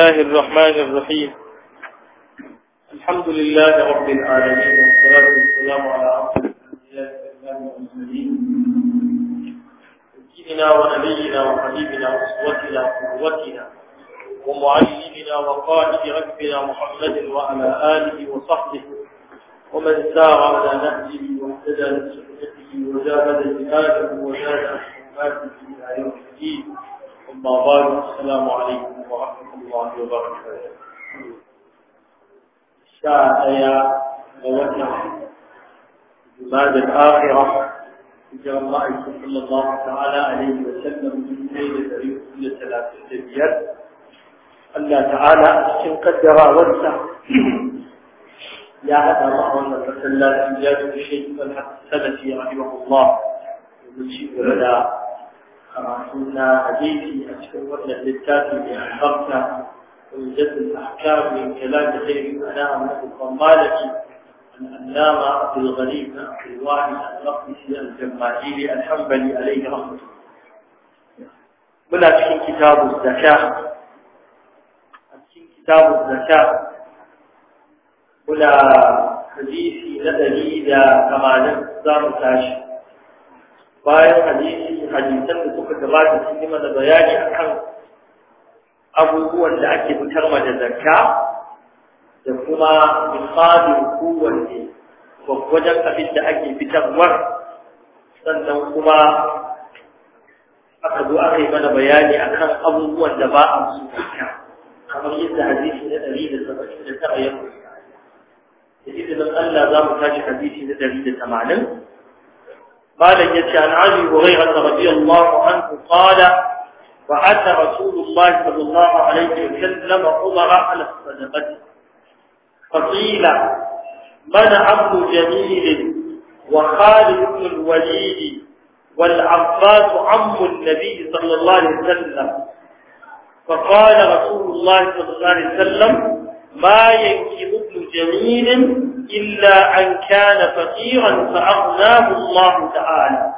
الله الرحمن الرحيم الحمد لله رب العالمين والصلاة والسلام على رسول الله والمرسلين سيدنا ونبينا وحبيبنا وأسوتنا وقوتنا ومعلمنا وقائد ربنا محمد وعلى آله وصحبه ومن سار على نهجه واهتدى بسنته وجاهد جهاده وزاد أحكاماته إلى يوم الدين أما بعد السلام عليكم ورحمة الله الله وبركاته شاء موجه بعد الآخرة إجراء الله صلى الله تعالى عليه وسلم من ليلة ليلة ثلاثة بيد الله تعالى إن قدر وسع يا الله أن تسلى الإنجاز الشيخ فالحق السلفي رحمه الله ومن شيء قرأتنا حديثي أشكر وأن الكتاب بأحضرت وجدت الأحكام من كلام خير الأنام له الضمالة الأنام عبد الغريب عبد الواحد المقدسي الجماعيلي الحنبلي عليه رحمة الله منا في كتاب الزكاة في كتاب الزكاة ولا حديثي لدليل كما نزار تاشي bayan hadisi hadisan da suka gabata sun yi mana bayani a kan abubuwan da ake fitar ma da zakka da kuma misalin kowanne wajen abin da ake fitarwar sannan kuma aka zo aka yi mana bayani a kan abubuwan da ba a su kamar yadda hadisi na ɗari da saba'in da tara ya da izinin Allah za mu tashi hadisi na ɗari da tamanin قال يتي عن علي هريرة رضي الله عنه قال بعث رسول الله صلى الله عليه وسلم عمر على الصدقة فقيل من عبد جميل وخالد بن الوليد والعباس عم النبي صلى الله عليه وسلم فقال رسول الله صلى الله عليه وسلم ما ينكب ابن جميل إلا أن كان فقيرا فأغناه الله تعالى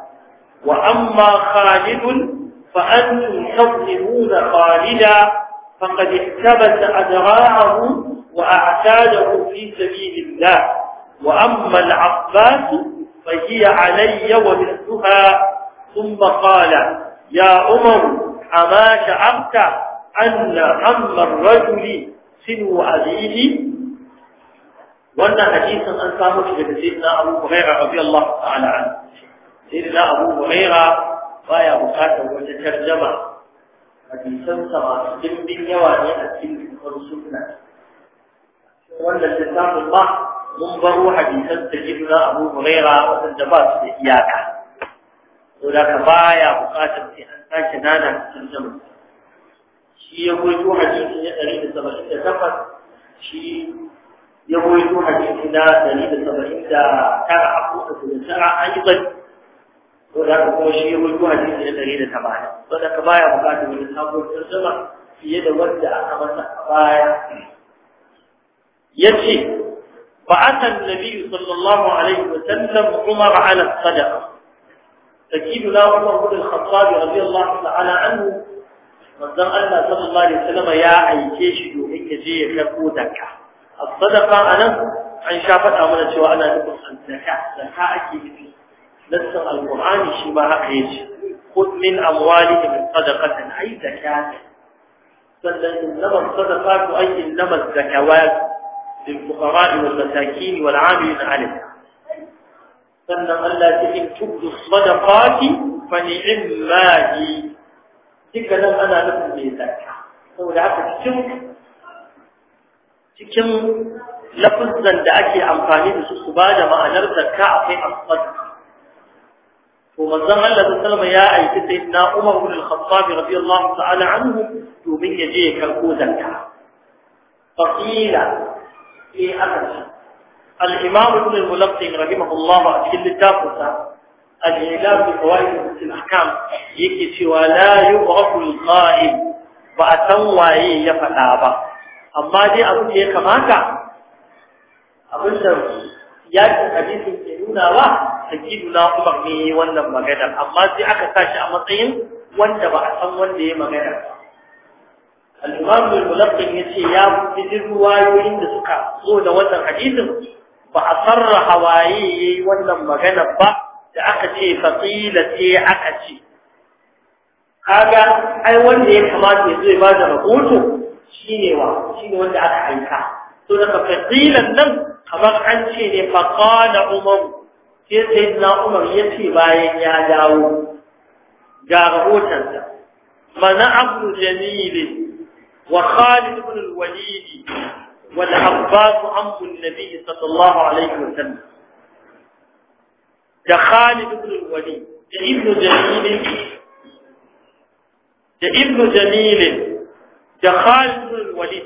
وأما خالد فأنتم تظلمون خالدا فقد احتبس أدراعه وأعتاده في سبيل الله وأما العباس فهي علي ومثلها ثم قال يا عمر أما شعرت أن هم الرجل سن أبيه wannan hadisin an samu shi daga sayyidina Abu Hurairah radiyallahu ta'ala anhu sayyidina Abu Hurairah baya bukatar wata tarjama hadisan sa masu dimbin yawa ne a cikin dukkan sunna wannan littafin ba mun baro hadisan sayyidina Abu Hurairah wanda ba su da iyaka to da ka baya bukatar sai an sake nana tarjama shi ya goyo hadisi ne 178 shi يروي حديثنا دليل السبعين ترى عقوقة ترى أيضا ولكن هو شيء يروي حديثنا دليل الثمانية وذلك ما يبقى من الأمر الترجمة في يد ودع خمسة أبايا يجي بعث النبي صلى الله عليه وسلم عمر على الصدقة لا عمر بن الخطاب رضي الله تعالى عنه manzon أن صلى الله عليه وسلم يا أي domin ya je ya sadaka a nan an sha faɗa mana cewa ana nufin zaka zaka ake nufi nassin alqur'ani shi ba haka yace khudh min amwalihim sadaqatan ay zakatan sannan innama sadaqatu ay innama az-zakawat للفقراء والمساكين والعاملين عليها سنن الله تئن تبدو in فنعم ما هي تكلم أنا لكم من ذلك saboda haka cikin cikin lafazan da ake amfani da su su ba da ma'anar zakka akwai amfani to manzon Allah sallallahu ya aiki sai na Umar ibn al-Khattab radiyallahu ta'ala anhu domin ya je ya karko zakka faqila sai eh, aka ce al-Imam ibn al-Mulaqqi rahimahullah a cikin littafinsa al-Ilal bi fawaid al-ahkam yake cewa la yu'rafu al ba a san waye ya faɗa ba amma dai abin da ya kamata abin da yakin hadisin ke nuna wa sakidu na umar ne wannan maganar amma sai aka sa shi a matsayin wanda ba a san wanda ya magana ba al-imam mulaqqin yace ya fi wayoyin da suka zo da wannan hadisin ba a hawaye ya yayi wannan maganar ba da aka ce fasila ce aka ce kaga ai wanda ya kamata ya zo ya bada rahoto ne wa ne wanda aka haifa? to da fadilan nan kamar an ce ne fa qala umar sai sayyidina umar yace bayan ya dawo ga rahoton sa mana abdu jamil wa khalid ibn al-walid wal abbas ammu an-nabi sallallahu alaihi wa sallam. da khalid ibn al-walid da ibn jamil da ibn jamil تخالف الولي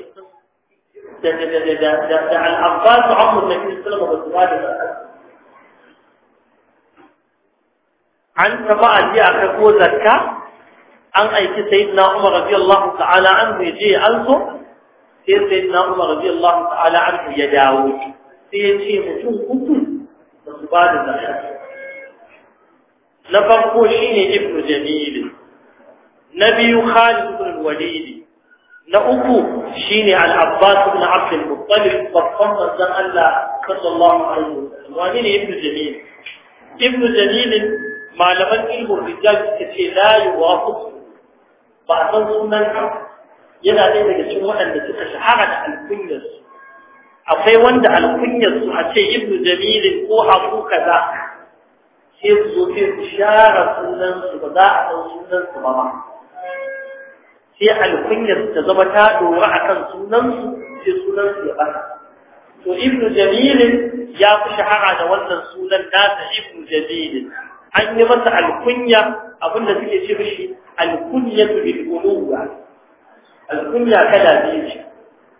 ده ده ده ده ده على الافضال عقد النبي صلى الله عليه وسلم عن سماع دي اخر قول ذكا ان ايتي سيدنا عمر رضي الله تعالى عنه يجي الفو سيدنا عمر رضي الله تعالى عنه يداوي سيدي مجوم قطن وصباد الزحف نفقه شيني ابن جميل نبي خالد الوليد لأبو شيني على عباس بن عبد المطلب فالفرصة الزم ألا صلى الله عليه وسلم وأمين ابن جميل ابن جميل ما لم يلم الرجال كثير لا يوافق فأصل سنة الحق يدى لدينا جسوة أن تتشحق على الكنية أخي وند على الكنية حتى ابن جميل هو فوق كذا يبدو في إشارة سنة سبداء أو سنة سبداء sai alkunyar ta zama ta dora akan sunansu sai sunansu ya ɓata. to ibn jamil ya fi shahara da wannan sunan nasa ibn jamil an yi masa alkunya abin da suke ce mishi alkunyatu bil uluwa alkunya kada biyu ce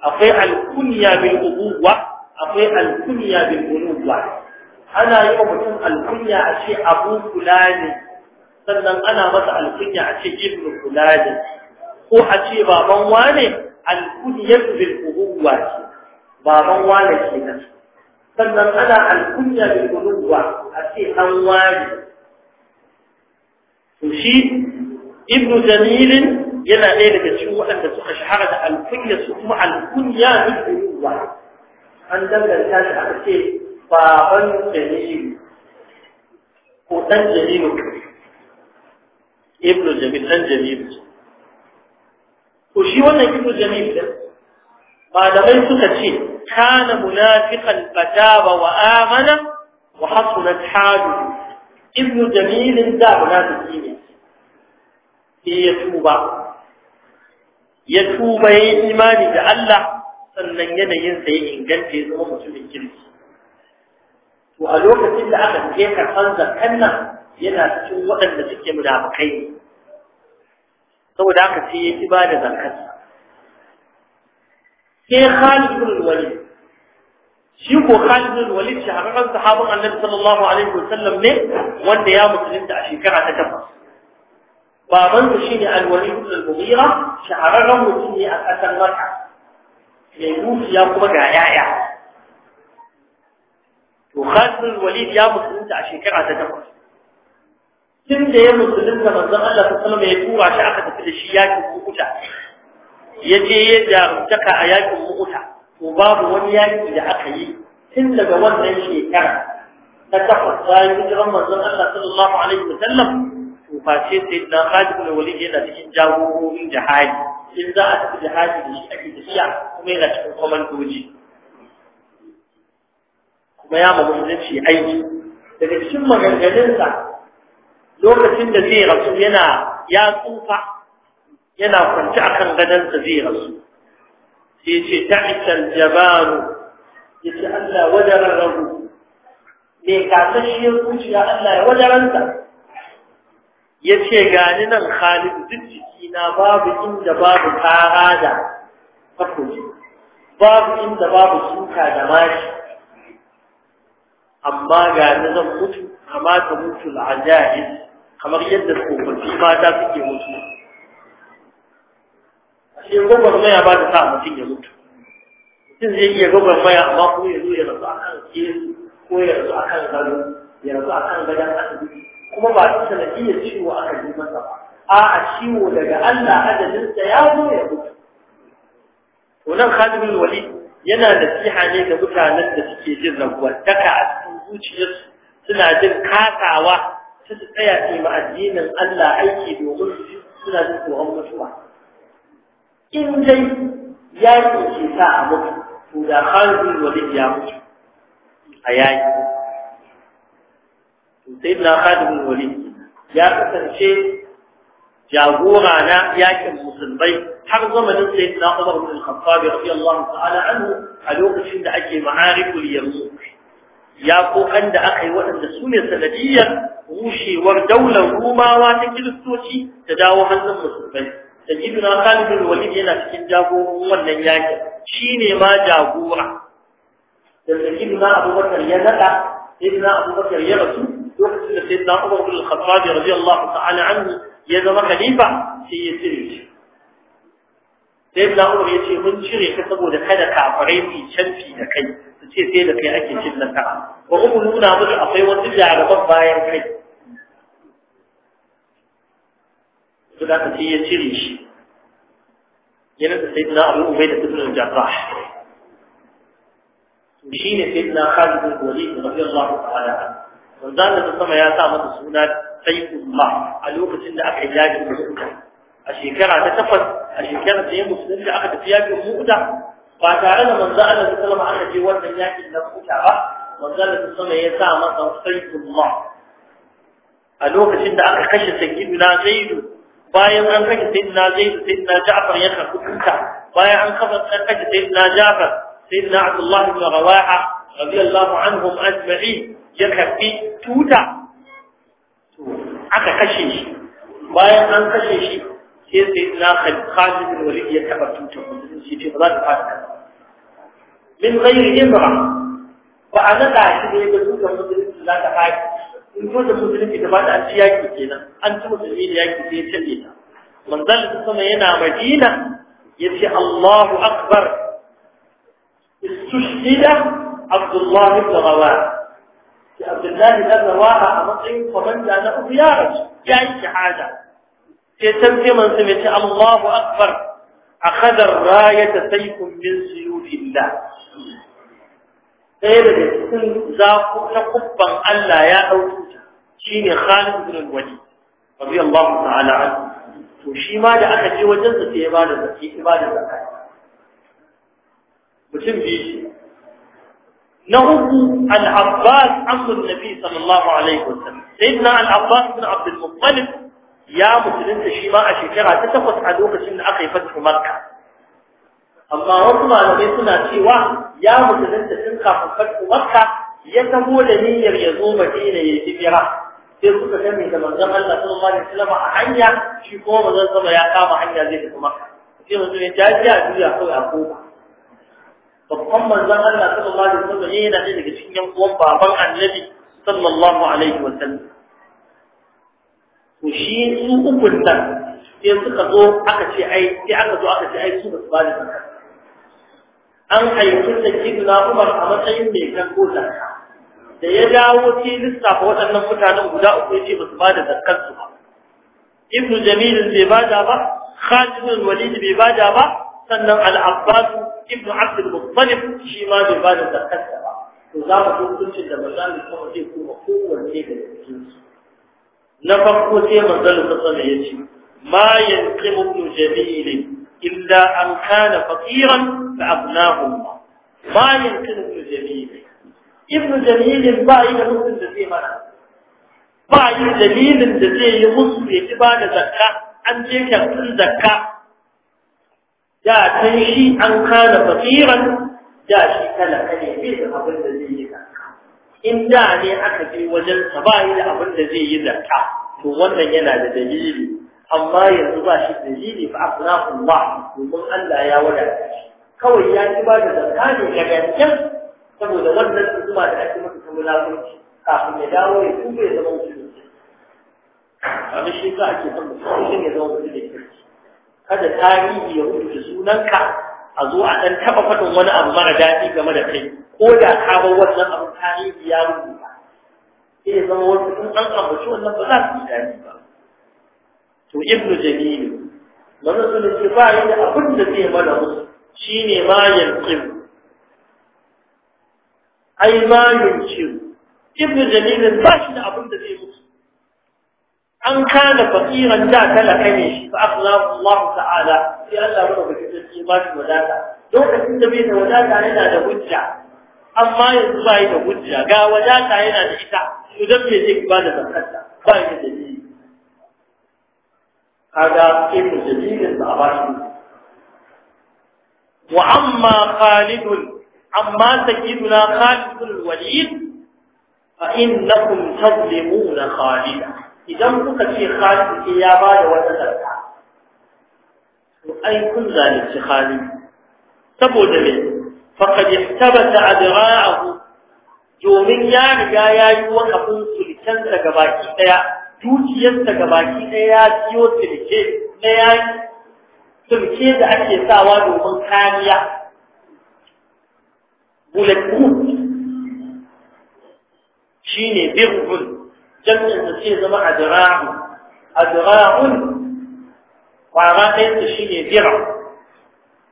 akwai alkunya bil uluwa akwai alkunya bil uluwa ana yi wa mutum alkunya a ce abu fulani sannan ana masa alkunya a ce ibn fulani ko a ce baban wane alkunyatu bil ubuwa ce baban wane kenan sannan ana alkunya bil ubuwa a ce an wane to shi ibn jamilin yana ɗaya daga cikin waɗanda suka shahara da alkunya su kuma alkunya bil ubuwa an danganta shi aka ce baban jamilin ko ɗan jamilu ibn jamil ɗan jamilu to shi wannan ibnu jamil din malamai suka ce kana munafiqan fataba wa amana wa hasunat halu ibnu jamil da munafiki ne sai ya tuba ya tuba imani da Allah sannan yanayinsa ya inganta ya zama mutumin kirki to a lokacin da aka je karɓar zakan yana cikin waɗanda suke munafikai ne saboda haka sai ya ki ba da zakarsa sai Khalid ibn Walid shi ko Khalid ibn Walid kan sahabin Annabi sallallahu alaihi wasallam ne wanda ya musulunta a shekara ta takwas baban shi shine Al-Walid ibn Al-Mughira haka kan mutune a ƙasar Makka mai ya kuma ga yaya to Khalid ibn Walid ya musulunta a shekara ta takwas tun da ya musulunta manzon Allah sallallahu alaihi wasallam ya tura shi aka tafi da shi yakin Uhud ya je ya jarumtaka a yakin Uhud to babu wani yaki da aka yi tun daga wannan shekara ta takwas bayan hijiran manzon Allah sallallahu alaihi wasallam to fa ce sai dan Khalid bin Walid yana cikin jagororin jihadi in za a tafi jihadi da shi ake tafiya kuma yana cikin komandoji kuma ya mamu aiki daga cikin maganganunsa lokacin da zai rasu yana ya tsufa yana kwanci kan gadonsa zai rasu sai ce ta ta'ikal jabaru ce Allah wadaran rahu me kasashiyar zuciya Allah ya Ya ce gani nan Khalid duk na babu inda babu kara da takoji babu inda babu suka da mashi amma ga zan mutu amma ta mutu al'ajaib kamar yadda tsofaffi mata suke mutu a shi gwagwarmaya ba ta sa mutum ya mutu mutum zai iya gwagwarmaya amma ko ya zo ya rasu a kan kesu ko ya rasu a kan gado ya rasu a kan gadon asibiti kuma ba ta sanadiyyar ciwo aka ji masa ba a'a ciwo daga Allah adadinsa ya zo ya mutu wannan nan bin Walid yana da siha ne ga mutanen da suke jin rabuwa taka a cikin zuciyarsu suna jin kasawa ta su tsaya ce ma addinin Allah aiki domin suna da tsoron mutuwa in dai yaƙi ke sa a mutu to da khalidul walid ya mutu a yaƙi to sai na khalidul walid ya kasance jagora na yakin musulmai har zamanin sai na Umar bin Khattab radiyallahu ta'ala anhu a lokacin da ake ma'arikul yanzu ya kokan da aka yi waɗanda su ne sanadiyar. bushewar daular rumawa ta kiristoci ta dawo hannun musulmai da giduna kalibin walid yana cikin jagoran wannan yaki shi ne ma jagora da na abubakar ya naɗa na abubakar ya rasu lokacin da sai na umar bin al-khattab radiyallahu ta'ala anhu ya zama khalifa sai ya sirri sai na umar ya ce mun cire ka saboda kada kafirai su canfi da kai su ce sai da kai ake cin nan ba kuma nuna musu akwai wasu jarabar bayan kai su da ka ce ya cire shi yana da sai na abu ubai da tudun jarrah to shi ne sai na khalid bin walid radiyallahu ta'ala wanda da sama ya sa masa suna sayyidullah a lokacin da aka yi jajin da suka الشيكره تتفق الشيكره تيجي في نفس اخذ فيها موده فتعالى من زعل بسلام على جوار من ياك النفوكه من زعل بسلام هي سامة وصيب الله ألوك سيدنا أخي خشي سيدنا زيد باية من خشي سيدنا زيد سيدنا جعفر يخر كتبتا باية عن خشي سيدنا جعفر سيدنا عبد الله بن رواحة رضي الله عنهم أجمعين يخر في توتا أخي خشي باية من خشي sai sayyidina Khalid bin Walid ya taba tutar musulunci ce ba za ta fada min ghairi imra ba a nada shi ne da tutar musulunci za ta fada in ko da musulunci da ba da an ci yaki kenan an ci musulmi da yaki sai ya tabe ta manzal sama yana Madina yace Allahu akbar istushhida Abdullah ibn Rawah عبد الله بن رواحه امضي ومن لا له يا رجل يا شهاده الله أكبر أخذ الراية سيف من سيول الله غير ذلك زاقنا قبا ألا يا أوتوتا شين خالد بن الوليد رضي الله تعالى عنه وشي ما دا أخي جي وجنس في إبادة في إبادة وشم بيجي نهو العباس عمر النبي صلى الله عليه وسلم سيدنا العباس بن عبد المطلب ya musulunta shi ma a shekara ta takwas a lokacin da aka yi fatu marka. amma wasu malamai suna cewa ya musulunta tun kafin fatu makka ya tabo da niyyar ya zo madina ya yi fira sai suka gani da manzon Allah sallallahu alaihi wasallam a hanya shi kuma manzon sama ya kama hanya zai tafi makka sai mutum ya jaji a duniya kawai a koma babban manzon Allah sallallahu alaihi wasallam yana daga cikin yan uwan baban annabi sallallahu alaihi wasallam to shi su ukun nan sai suka zo aka ce ai sai aka zo aka ce ai su ba su ba zakka an haifi da kidna Umar a matsayin mai kanko zakka da ya dawo sai lissafa waɗannan mutanen guda uku ya ce ba su bada da zakkar su ba Ibn Jamil bai bada ba Khalid bin Walid bai bada ba sannan Al-Abbas ibn Abd al-Muttalib shi ma bai bada zakkar ba to za mu hukuncin da manzon Allah kuma ce ko kowanne da cikin su na farko sai manzon sallallahu ya ce ma yanqimu ibn jamil illa an kana faqiran fa abnahu ma yanqimu ibn jamil ibn jamil ba yi da mutum da zai mana ba yi dalilin da zai yi musu ya ci ba da zakka an je kyautar zakka da ta shi an kana faqiran da shi kala kane bai da abin da zai yi zakka in da ne aka je wajen sa ba yi da abin da zai yi zakka to wannan yana da dalili amma yanzu ba shi dalili fa afnahu Allah domin Allah ya wada. kawai ya ci ba da zakka ga saboda wannan tsuma da ake maka ta mulafurci kafin ya dawo ya tuba ya zama mutum abin shi ka ake son mutum shi ne zama mutum da kirki kada tarihi ya wuce sunanka a zo a ɗan taɓa faɗin wani abu mara daɗi game da kai ko da ka bar wannan abin tarihi ya rubuta sai zama wasu kun an ambaci wannan ba za su yi ba to ibnu Jamilu, mana sun ce ba yi da abin da zai mana musu shine ma yankin. ai ma yankin, ibnu Jamilu ba shi da abin da zai musu an kana fakiran da kala ne shi fa akhlafu Allah ta'ala sai Allah ya rubuta shi ba shi wadata lokacin da bai da wadata yana da hujja amma yanzu ba yi da hujja ga wajata yana da ita idan dan me ba da zakarta ba yi da dalili kaga sai ku dalilin da a ba shi wa amma khalidun amma sayyiduna khalidul walid fa innakum tadlimuna khalida idan kuka ce khalid ya ba da wata zakka to ai kun zalunci khalid saboda me faqad ihtabata adra'ahu domin ya riga ya yi wakafin ga baki daya dukiyarsa gabaki daya ya siyo sulke na ya sulke da ake sawa domin kariya bulletproof shine birrun jam'in da sai zama adra'u adra'un kwara ɗayansa shine birrun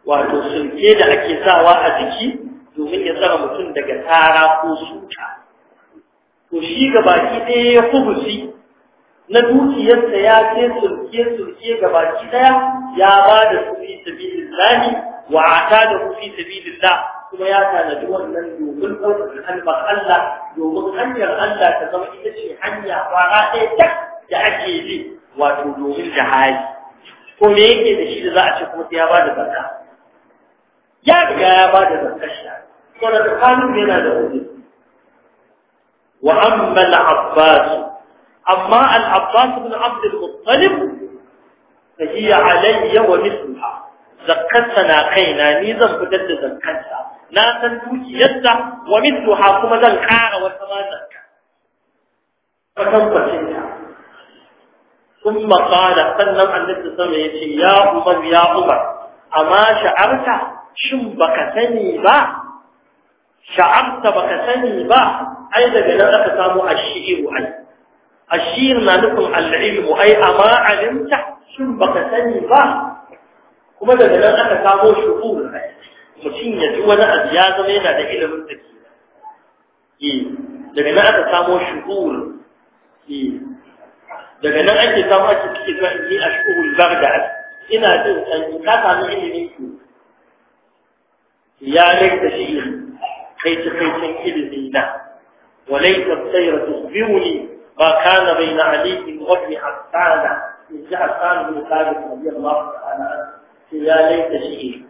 wato sulke da ake sawa a jiki domin ya tsara mutum daga tara ko suka to shi gabaki ɗaya ya kubusi na dukiyarsa ya ce sulke sulke gabaki ɗaya ya ba da kufi fi sabilillahi wa ata da su fi sabilillah kuma ya tanadi wannan domin ɗaukar kalmar Allah domin hanyar Allah ta zama ita ce hanya kwara ɗaya tak da ake bi wato domin jihadi ko me yake da shi da za a ce kuma ya ba da zakka جاءت باجة الكشاف ونبقان من الهدف وأما العباس أما العباس بن عبد المطلب فهي علي ومثلها زكتنا قينا نيزا فجد زكتها لا تنتوش يدى ومثلها ثم ذلك عارة وثما ذلك فكم فتنها ثم قال فنم أن نتسميه يا أمر يا أمر أما شعرتها shin ba ka sani ba sha'arta ba ka sani ba ai daga nan aka samu ashiru ai ashir na nufin al'ilmu ai amma alimta shin ba ka sani ba kuma daga nan aka samu shuhur mutum ya ji wani abu ya zama yana da ilimin da ke eh, daga nan aka samu shuhur eh, daga nan ake samu ake cikin ni a shuhur bagda ina jin ka samu ilimin ku ya shi kai ci kai cin ilimi na wa laita biyu ne, ba kana bai na aliki wafi asana in ji asana mai kajin kariyar ma su shi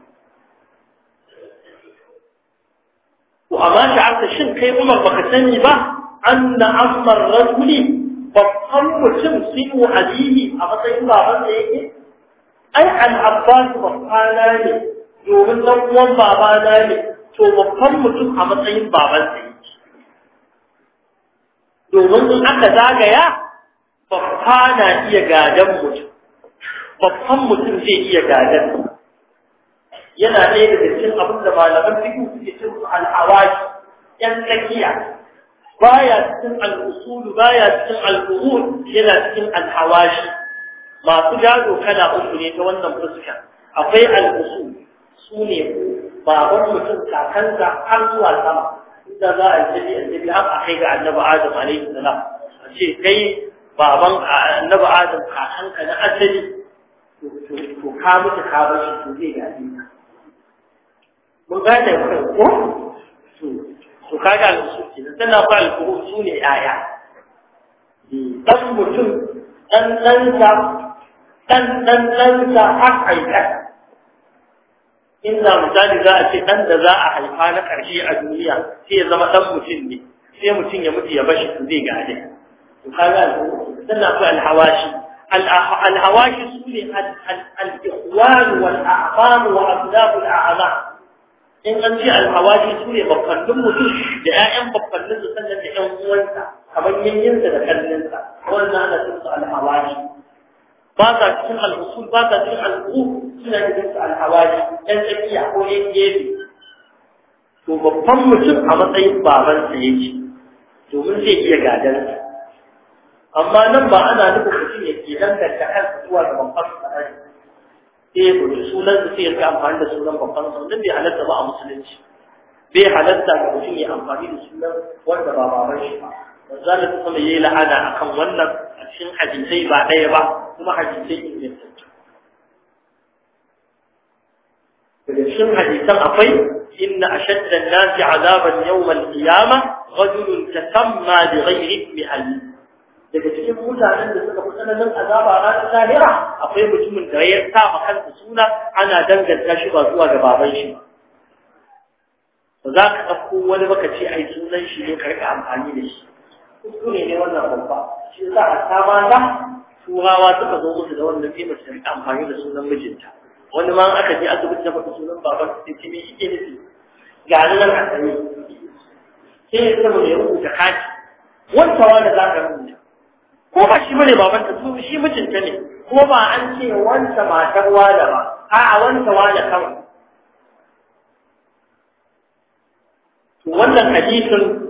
ko amma shi aka shin kai kuma baka sani ba an da an marar wuli babban mutum su yi wa aliki a matsayin baban da yake ai al'abbas ba kana ne domin ɗan baba na ne to babban mutum a matsayin babansa yake domin in aka zagaya babba na iya gadon mutum babban mutum zai iya gadon yana ɗaya daga cikin abin da malaman cikin suke cin al'awaki ƴan tsakiya baya cikin al'usulu baya cikin al'uhul yana cikin al'awashi masu gado kana uku ne ta wannan fuska akwai al'usulu su ne baban mutum kakansa har zuwa sama inda za a yi annabi a kai ga annabi adam alaihi salam a ce kai baban annabi adam kakanka na asali to ka mutu ka bar shi to zai gaji ka mun gane ko to to ga su kenan sannan ba alƙuru su ne yaya dan mutum dan dan ta dan dan dan har aikata inda misali za a ce dan da za a haifa na ƙarshe a duniya sai ya zama dan mutum ne sai mutum ya mutu ya bashi zai gane to kaga sannan akwai alhawashi alhawashi su ne al-ikhwan wal a'fam wa aslaf al-a'zam in an ce al-hawashi sune bakkallin mutum da ƴaƴan bakkallin su sannan da ƴan uwansa kamar yanyinsa da kallinsa wannan ana cin su al-hawashi. ba sa cikin al'usul ba sa cikin al'u suna da su al'awari ɗan tsakiya ko ɗan gefe to babban mutum a matsayin babansa yake domin zai iya gadon amma nan ba ana nufin mutum ya ke nan danganta kansa zuwa ga babban sa'ari sai ya gudu sunan su sai ya rika amfani da sunan babban sa bai halatta ba a musulunci bai halatta ga mutum ya amfani da sunan wanda ba baban shi ba manzala ta kuma yayi la'ana akan wannan a cikin hadisai ba ɗaya ba kuma hadisai ingantattu daga cikin hadisan akwai inna ashadda an-nasi azaban yawm al-qiyamah rajulun tasamma bi ghayri ismi ali daga cikin mutanen da suka fi tsananin azaba ranar lahira akwai mutumin da ya sa ma kansa suna ana danganta shi ba zuwa ga baban shi ba za ka ɗauko wani baka ce ai sunan shi ne ka amfani da shi kuskure ne wannan babba shi za a sama da turawa suka zo musu da wannan sai mace ta amfani da sunan mijinta wani ma aka je asibiti ta faɗi sunan baban sai ce me yake ne ga nan a sani sai ya zama mai ta kati wanda wanda za ka rubuta ko ba shi bane baban ta su shi mijinta ne ko ba an ce wanda matar wala ba a'a wanda wala kawai wannan hadisin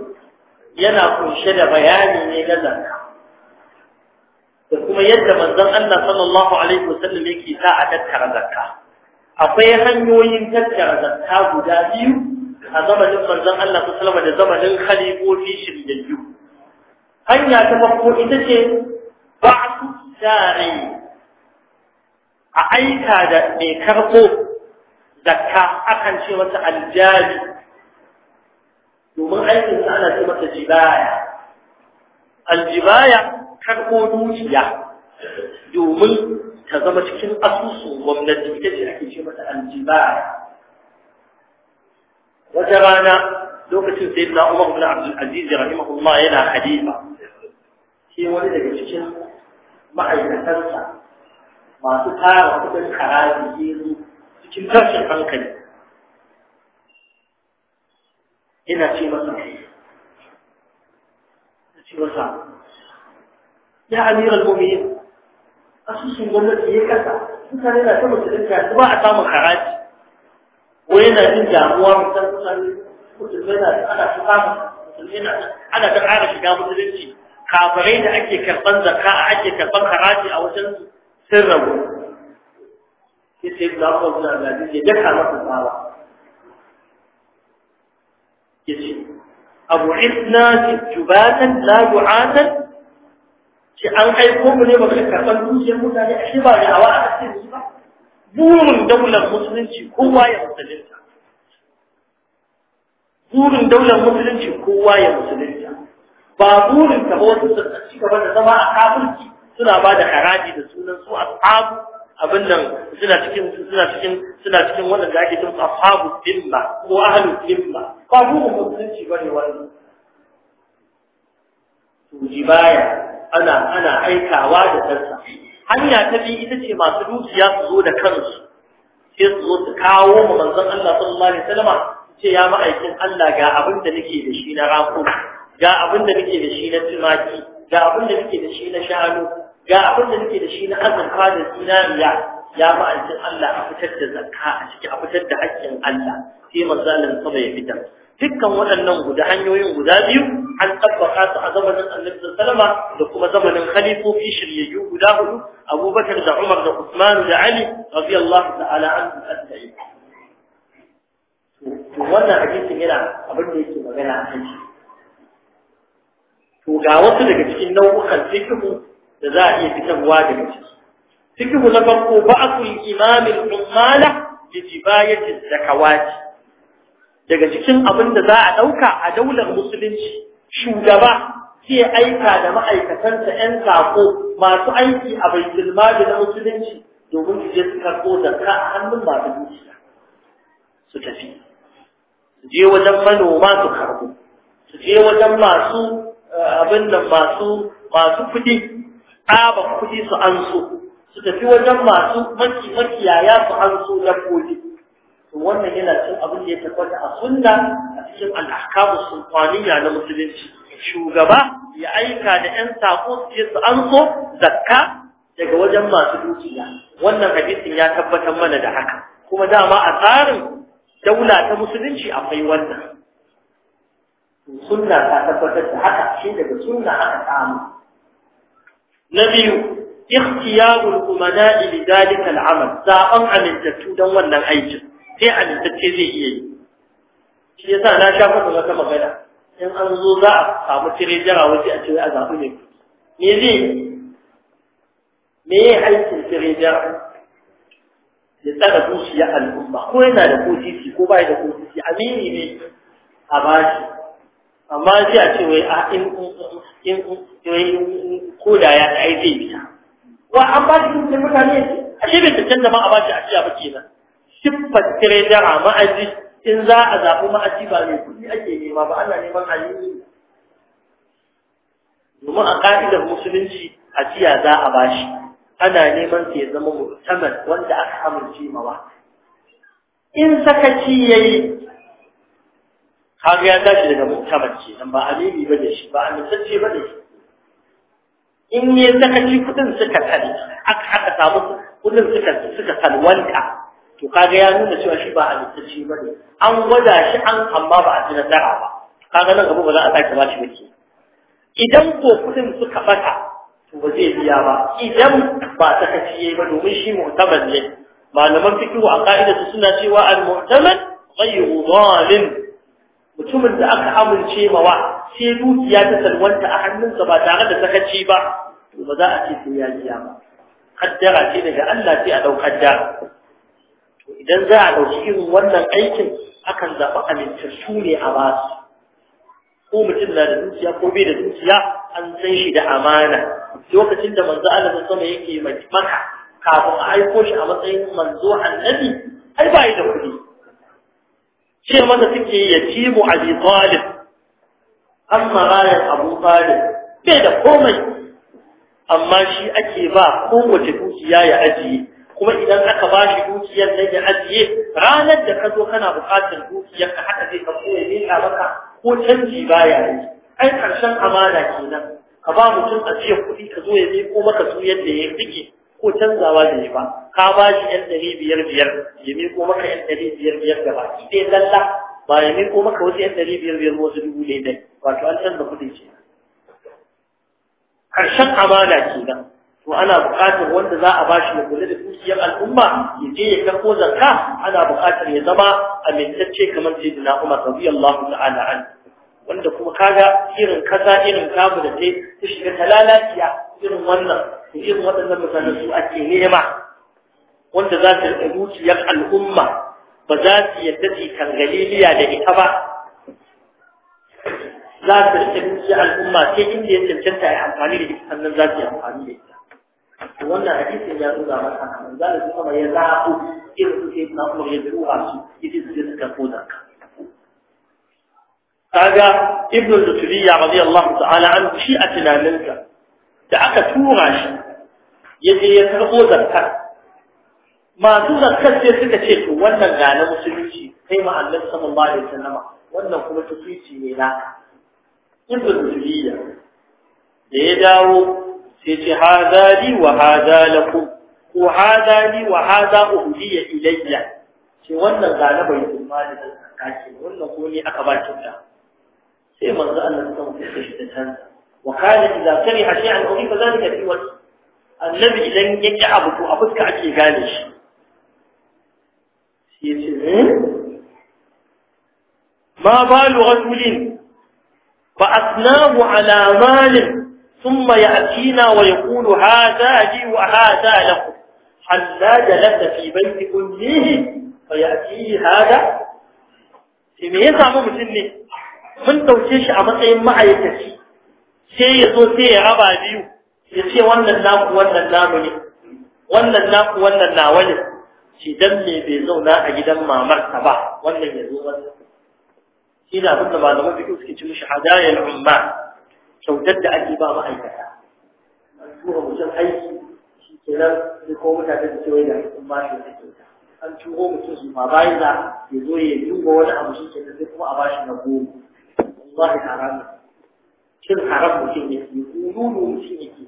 yana kunshe da bayani ne na zakka da kuma yadda manzon Allah sallallahu alaihi wasallam yake sa a tattara zakka akwai hanyoyin tattara zakka guda biyu a zamanin manzon Allah sallallahu alaihi da zamanin khalifofi shiryayyu hanya ta farko ita ce ba'su shari a aika da mai karɓo zakka akan ce mata aljabi domin aikin sa ana ce masa jibaya aljibaya karko dukiya domin ta zama cikin asusun gwamnati ita ce ake ce mata aljibaya wata rana lokacin sai na umar bin abdul aziz rahimahullah yana khalifa sai wani daga cikin ma'aikatansa masu tara kudin karaji cikin tashin hankali ina ce masa ce masa ya amiral mu'minin asusun gwamnati ya kasa mutane na ta musulunci ba a samun haraji ko yana jin damuwa mutan mutane musulmai na ana ta samun musulmai ana ta ƙara shiga musulunci kafirai da ake karɓar zakka a ake karɓar haraji a wajen sun rabu sai sai da Allah ya daka masa tsawa abu isna jubatan la yu'atan Ki an haifo mu ne ba ka karɓar dukiyar mutane a shi ba da a a cikin shi ba burin daular musulunci kowa ya musulunta burin daular musulunci kowa ya musulunta ba burin ta wasu su ci gaba da zama a kafirci suna ba da haraji da sunan su ashabu abin nan suna cikin suna cikin suna cikin da ake cewa ashabu dimma ko ahlu dimma ba ruhun musulunci shi bane wani to baya ana ana aikawa da kansa hanya ta biyu ita ce masu dukiya su zo da kansu sai su zo su kawo mu manzon Allah sallallahu alaihi wasallam ce ya ma'aikin Allah ga abin da nake da shi na rako ga abin da nake da shi na tumaki ga abin da nake da shi na shanu ga abin da nake da shi na azurfa da zinariya ya ma'aikin Allah a fitar da zakka a ciki a fitar da haƙƙin Allah sai manzalin sama ya fitar dukkan waɗannan guda hanyoyin guda biyu an tabbata su a zamanin Annabi sallama da kuma zamanin khalifofi shiryayyu guda hudu Abubakar da Umar da Usman da Ali radiyallahu ta'ala anhu ajma'in to wannan hadisin yana abin da yake magana a kan shi to ga wasu daga cikin nau'ukan fikihu da za a iya fitarwa daga ciki fikihu na farko ba'atul imamil ummala bi jibayati zakawati daga cikin abin da za a ɗauka a daular musulunci shugaba ke aika da ma'aikatansa 'yan sako masu aiki a baitul mali na musulunci domin su je su karɓo ka a hannun masu dukiya su tafi su je wajen manoma su karɓo su je wajen masu eh, abin da masu masu kuɗi saba kuɗi su an so su tafi wajen masu maki makiyaya su an so dabbobi to wannan yana cin abin da ya tabbata a sunna a cikin al'akamu sultaniya na musulunci shugaba ya aika da 'yan sako su su an so zakka daga wajen masu dukiya wannan hadisin ya tabbatar mana da haka kuma dama a tsarin daula ta musulunci akwai wannan sunna ta tabbatar da haka shi daga sunna aka samu na biyu ikhtiyarul umana'i li dalika al'amal zaban amintattu dan wannan aikin sai amintacce zai iya yi shi yasa na sha kuma kama magana in an zo za a samu jira waje a ce a zaɓi ne me zai me ya aikin jira ya tsara zuciya al'umma ko yana da kotisi ko bai da kotisi amini ne a bashi amma sai a ce wai a in in ko da ya ta ai zai fita wa an ba shi dukkan mutane ashe bai tattan da ma a ba shi ajiya ba kenan siffar a ma'aji in za a zaɓi ma'aji ba mai kuɗi ake nema ba ana neman alimi domin a ka'idar musulunci ajiya za a bashi ana neman ke zama mutanen wanda aka amince mawa in sakaci ya yi kaga ya tashi daga mutamar ce nan ba amini ba da shi ba amintacce ba da shi in ya sakaci kudin suka tsare aka aka samu kudin suka suka salwanta to kaga ya nuna cewa shi ba a littaci ba ne an gwada shi an amma ba a ji nasara ba kaga nan gaba ba za a sake ba shi mutum idan ko kudin suka bata to ba zai biya ba idan ba sakaci yayi ba domin shi mu'tamal ne malaman fikihu a ka'idatu suna cewa al-mu'tamal ghayru zalim mutumin da aka amince mawa sai dukiya ta salwanta a hannunsa ba tare da sakaci ba to ba za a ce sai ya biya ba kaddara ce daga Allah sai a dau kaddara to idan za a dauki irin wannan aikin akan zaɓi amintattu ne a ba su ko mutum na da zuciya ko bai da zuciya an san shi da amana lokacin da manzo Allah sama yake maka kafin a aiko shi a matsayin manzo annabi ai ba da kuɗi ce masa suke yatimu abi talib amma rayan abu talib bai da komai amma shi ake ba kowace dukiya ya ajiye kuma idan aka ba shi dukiyar nan ya ajiye ranar da ka zo kana buƙatar dukiyar ka haka zai ka koya ne maka ko canji baya yi ai karshen amana kenan ka ba mutum a ajiyar kuɗi ka zo ya miƙo maka su yadda ya rike ko canzawa da ya ba ka ba shi yan ɗari biyar biyar ya miƙo maka yan ɗari biyar biyar da baki ɗaya lalla ba ya miƙo maka wasu yan ɗari biyar biyar wasu dubu ɗaya ɗaya wato an canza kuɗi ce karshen amana kenan to ana buƙatar wanda za a bashi ya kula da dukiyar al'umma ya je ya karɓo zakka ana buƙatar ya zama amintacce kamar sayyidina Umar radiyallahu ta'ala an wanda kuma kaga irin kaza irin kamu da ta ta shiga talalaciya irin wannan to irin waɗannan mutane su ake nema wanda za su riƙe dukiyar al'umma ba za su yadda su kangaliliya da ita ba za ta rike dukiyar al'umma sai inda ya cancanta ya amfani da ita sannan za su yi amfani da ita wannan hadisin ya nuna masa, nan za su kuma ya zaɓo irin su sai na umar ya biru a su ita su suka koda ka kaga ibn al-luturiya radiyallahu ta'ala an shi a tunaninka da aka tura shi ya je ya karɓo zakka masu zakkar sai suka ce to wannan ga na musulunci kai ma Allah sallallahu alaihi wasallama wannan kuma tufici ne naka ibn Zuliya da ya dawo sai ce haza li wa haza lakum ko haza li wa haza uhdiya ilayya ce wannan ga bai tsammani da kake wannan ko ne aka ba da sai manzo Allah ta mutu shi da tan wa kana idza kariha shay'an urifa zalika fi wajhi annabi idan yake abu to a fuska ake gane shi sai ce hmm? ma balu rajulin فأثناه على مال ثم يأتينا ويقول هذا لي وهذا لكم حتى جلس في بيت كله فيأتيه هذا في ميزة عمام سنة من توجيش عمام ما يتسي شيء يزول شيء بيو يسي وانا النام وانا النام وانا النام وانا الناولي شي دمي بيزونا أجدا ما مرتبع وانا يزول shi da abin da malaman fiƙi suke cin shi na umma kyautar da ake ba ma'aikata an tura mutum aiki shi ke nan da ko mutane da cewa yana cikin ba shi da kyauta an turo mutum su ma bayan da ya zo ya duba wani abu shi ke sai kuma a ba shi na goma wallahi haram cin haram mutum ya ke kununu mutum ne ke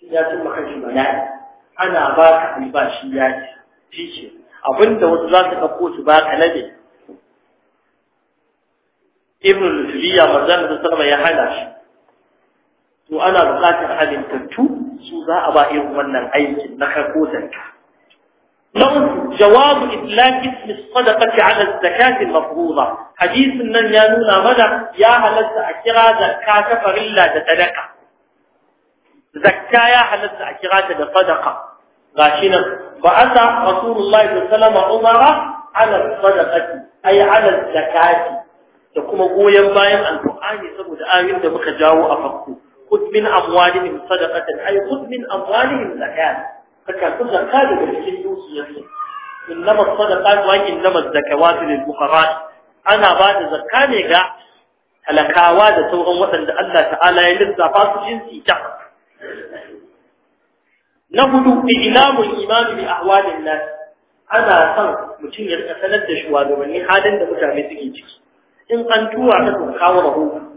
shi ya cin shi bala'i ana ba ka albashi ya ce shi abinda wasu za su ɗauko su ba ka na ne ibn al-Liya manzon da sallama ya hana shi to ana buƙatar halin tattu su za a ba irin wannan aikin na karko zakka na uku jawabu idlaq ism sadaqati ala zakat al-mafruḍa hadisin nan ya nuna mana ya halatta a kira zakka ta farilla da sadaqa zakka ya halatta a kira ta da sadaqa gashi nan ba asa rasulullahi sallallahu alaihi wasallam umara ala sadaqati ay ala zakati da kuma goyon bayan alqur'ani saboda ayoyin da muka jawo a farko khudh min amwalihim sadaqatan ay khudh min amwalihim zakat kaka kun zakka daga cikin dukiyarsu innama sadaqat wa innama zakawat lil fuqara ana ba da zakka ne ga talakawa da sauran waɗanda Allah ta'ala ya lissafa su jinsi ta na hudu ilamun imani bi ahwalin nas ana son mutum ya sanar da shugabanni halin da mutane suke ciki in an tura ta to kawo rahoto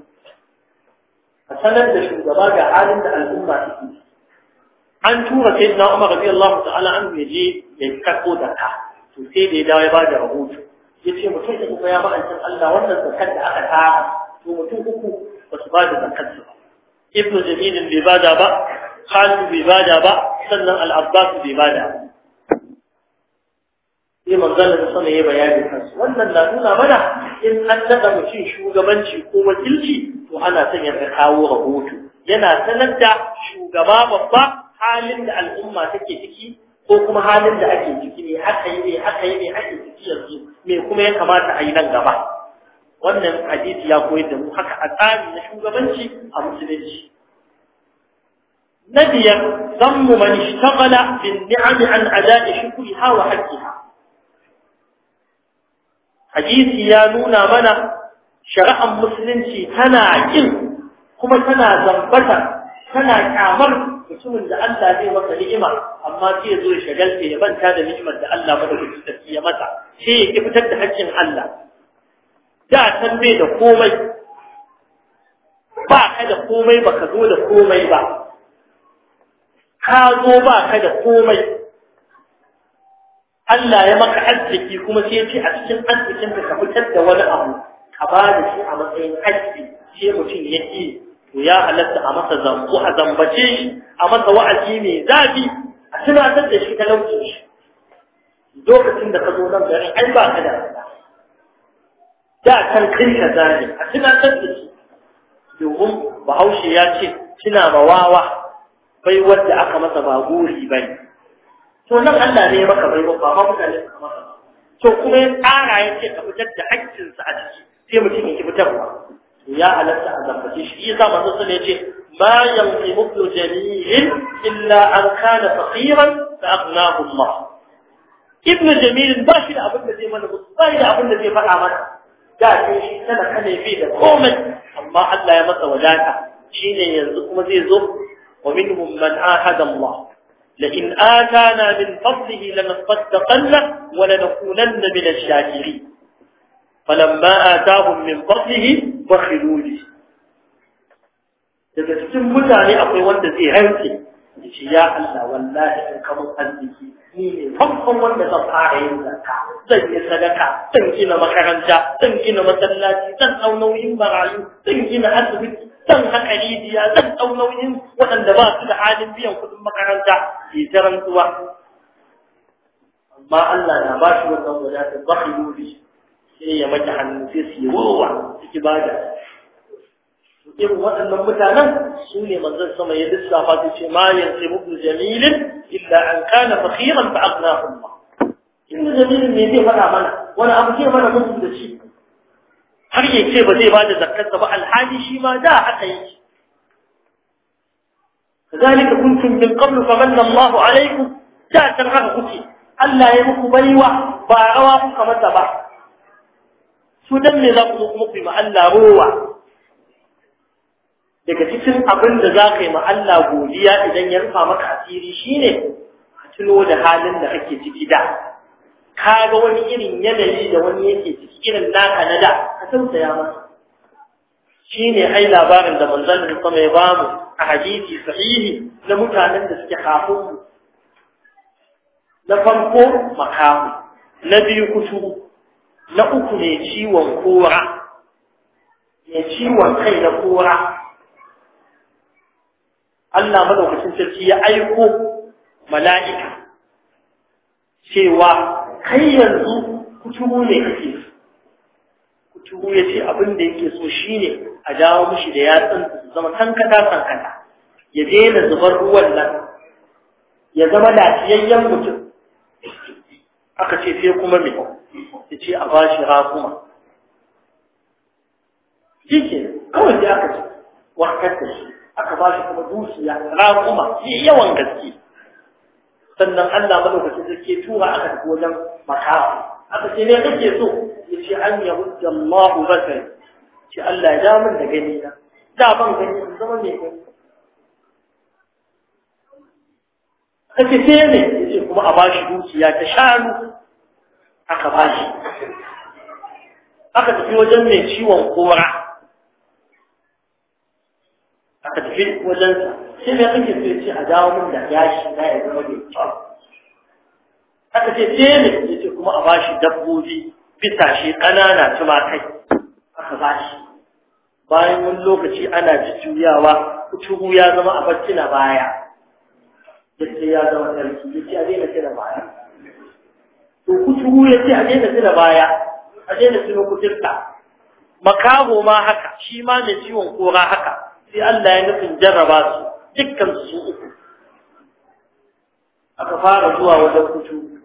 a sanar da shugaba ga halin da al'umma take an tura sai na Umar radiyallahu ta'ala an je ya kako da ka to sai da ya dawo ya bada rahoto ya ce mutum uku ya ma'ancin Allah wannan zakar da aka tara to mutum uku ba su bada da su ba ibnu jamilin bai bada ba Khalid bai bada ba sannan al-Abbas bai bada ba sai manzon da sama ya bayani kansu wannan na nuna mana in an daɗa mutum shugabanci ko wakilci to ana son yadda kawo rahoto yana sanar da shugaba babba halin da al'umma take ciki ko kuma halin da ake ciki ne haka yi ne haka yi ne ake ciki yanzu me kuma ya kamata a yi nan gaba wannan hadisi ya koyar da mu haka a tsari na shugabanci a musulunci na biyar zammu man ishtaghala bin ni'am an ada'i shukriha wa haqqiha hadisi ya nuna mana shari'ar musulunci tana kin kuma tana zambata tana kyamar mutumin da Allah zai maka ni'ima amma sai ya zo ya shagalta ya banta da ni'imar da Allah madaukakin sarki ya masa sai ya ki da haƙƙin Allah da san bai da komai ba ka da komai ba ka zo da komai ba ka zo ba ka da komai Allah ya maka arziki kuma sai ya ce a cikin arzikin ka fitar da wani abu ka ba da shi a matsayin haƙƙi sai mutum ya ke. to ya halatta a masa zambo a zambace shi a masa wa'azi mai zafi a tunatar da shi talauci shi lokacin da ka zo nan garin ai ba ka da da kan kai ka zane a tunatar da shi domin bahaushe ya ce kina wawa bai wanda aka masa ba guri bane to nan Allah ne ya maka bai ba ma mutane suka maka to kuma ya tsara ya ce ka fitar da haƙƙinsa a ciki sai mutum ya ki fitarwa ya halatta a zambace shi yasa manzo sun ya ce ma yanqimu ibnu illa an kana faqiran fa aghnahu Allah Ibn jamil ba shi da abin da zai mana ba shi da abin da zai faɗa mana da shi tana kane bi da komai amma Allah ya masa wadata shine yanzu kuma zai zo wa minhum man ahada Allah لئن آتانا من فضله لنصدقن ولنكونن من الشاكرين فلما آتاهم من فضله بخلوا به daga cikin mutane akwai wanda zai rantse da shi ya Allah wallahi in kamun arziki ni ne farkon wanda zan fara yin zakka zan yi sadaka zan gina makaranta zan gina masallaci zan dau nauyin barayu zan gina asibiti zan hankali rijiya zan ɗau nauyin waɗanda ba su da halin biyan kuɗin makaranta ke ta rantsuwa amma Allah na ba shi wannan wadatar ba ka yi sai ya maki hannu sai su yi rowa ciki ba da irin waɗannan mutanen su ne manzon sama ya lissafa ta ce ma yanzu mutum jamilin illa an kana fakiran fa aghnahu Allah in jamilin ne zai faɗa mana wani abu zai mana mutum da shi har ya ce ba zai ba da zakarsa ba alhali shi ma da haka yake kazalika kuntum min qablu famanna Allahu alaikum da san haka kuke Allah ya muku baiwa ba rawa kuka masa ba su dan ne za ku muku yi Allah rowa daga cikin abin da za ka yi ma Allah godiya idan ya rufa maka asiri shine a tuno da halin da kake ciki da ka ga wani irin yanayi da wani yake ciki irin naka na da ka tausaya masa shi ne ai labarin da manzon sama ya bamu a hadisi sahihi na mutanen da suke kafin na farko makamu na biyu kutu na uku ne ciwon kora ne ciwon kai na kora Allah madaukakin sarki ya aiko mala'ika cewa kai yanzu kuturu ne kake kuturu ya ce abin da yake so shine a jawo mishi da yatsun su zama kankata kankata ya daina zubar ruwan nan ya zama lafiyayyen mutum aka ce sai kuma me ya ce a ba shi rakuma shi ke kawai sai aka ce wakar da shi aka ba shi kuma dukiya rakuma shi yawan gaske sannan Allah madaukakin sarki tura aka tafi wajen makafu aka ce ne kake so ya ce an ya hujja Allah basari ce Allah ya damun da gani na da ban gani in zama mai gani aka ce ne ya ce kuma a bashi dukiya ta shanu aka bashi aka tafi wajen mai ciwon kora aka tafi wajensa sai ne kake so ya ce a dawo min da yashi na ya zama mai kyau aka ce tsene eh ya ce kuma a bashi dabbobi bisashe ƙanana tumakai aka bashi bayan wani lokaci ana jujjuyawa kutubu ya zama a bacci na baya yadda ya zama sarki ya ce a daina tuna baya to kutubu ya ce a daina tuna baya a daina tuna kuturta makaho ma haka shi ma mai ciwon kora haka sai Allah ya nufin jarraba su dukkan su uku aka fara zuwa wajen kutubu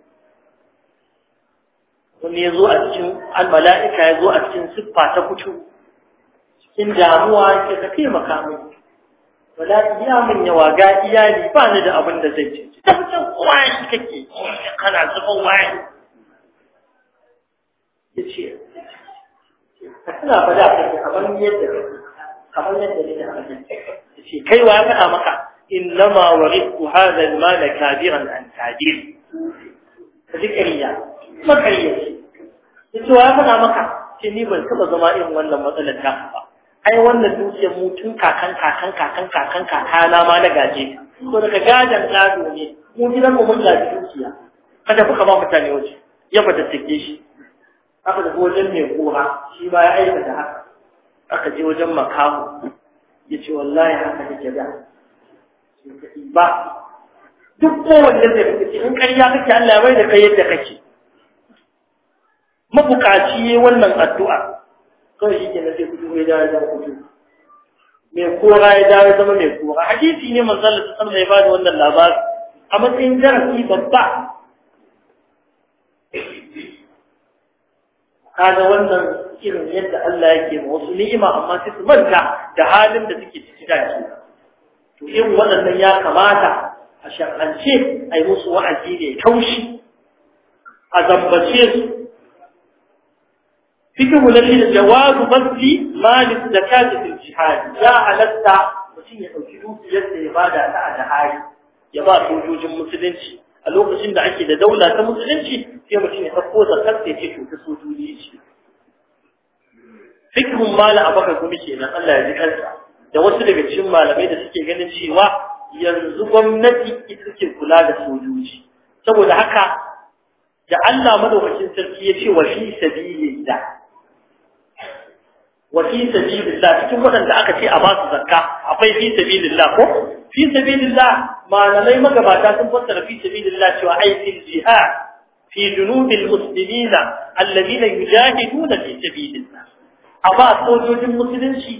kuma ya zo a cikin almala'ika ya zo a cikin siffa ta kucu cikin damuwa ke ka taimaka mini wala iya mun yawa ga iyali ba ni da abin da zai ce ta fitan wani kake kana zuba wani ya ce ka tana fada ka kamar yadda kamar yadda ne da abin ya ce kai wa faɗa maka إنما ورثت هذا المال كابرا عن تعديل فذكرية ما كرية yace ya faɗa maka ce ni ban taɓa zama irin wannan matsalar ta ba ai wannan dukiyar mu tun kakan kakan kakan kakan kakana ma na gaje ko daga gadan gado ne mu gidan mu mun gaji dukiya kada kuka ba mutane waje ya ba ta take shi aka da wajen mai kura shi ba ya aikata haka aka je wajen makamu ya ce wallahi haka da ke da ba duk kowanne zai fi in ƙarya kake Allah ya bai da kai yadda kake mabukaci yi wannan addu'a kawai shi ke sai kudu ya dawo zama kudu mai kora ya dawo zama mai kora hadisi ne manzo Allah ba ya bada wannan labari a matsayin darasi babba kaga wannan irin yadda Allah yake ma wasu ni'ima amma sai su manta da halin da suke ciki da ke. to irin waɗannan ya kamata a shar'ance a yi musu wa'azi ne taushi a zambace su fikihu lalle da jawazu basli malin zakati fil jihad ya halatta mutum ya ɗauki dukiyar da ya bada ta a jihadi ya ba sojojin musulunci a lokacin da ake da daula ta musulunci sai mutum ya sako zakar sai ce cuta sojoji ce fikihun mala abaka kuma kenan Allah ya ji kansa da wasu daga cikin malamai da suke ganin cewa yanzu gwamnati ita ke kula da sojoji saboda haka da Allah madaukakin sarki ya ce wa fi wa fi sabilillah cikin waɗanda aka ce a basu zakka akwai fi sabilillah ko fi sabilillah malamai magabata sun fassara fi sabilillah cewa aikin jihad fi junubil muslimina alladhina yujahiduna fi sabilillah amma sojojin musulunci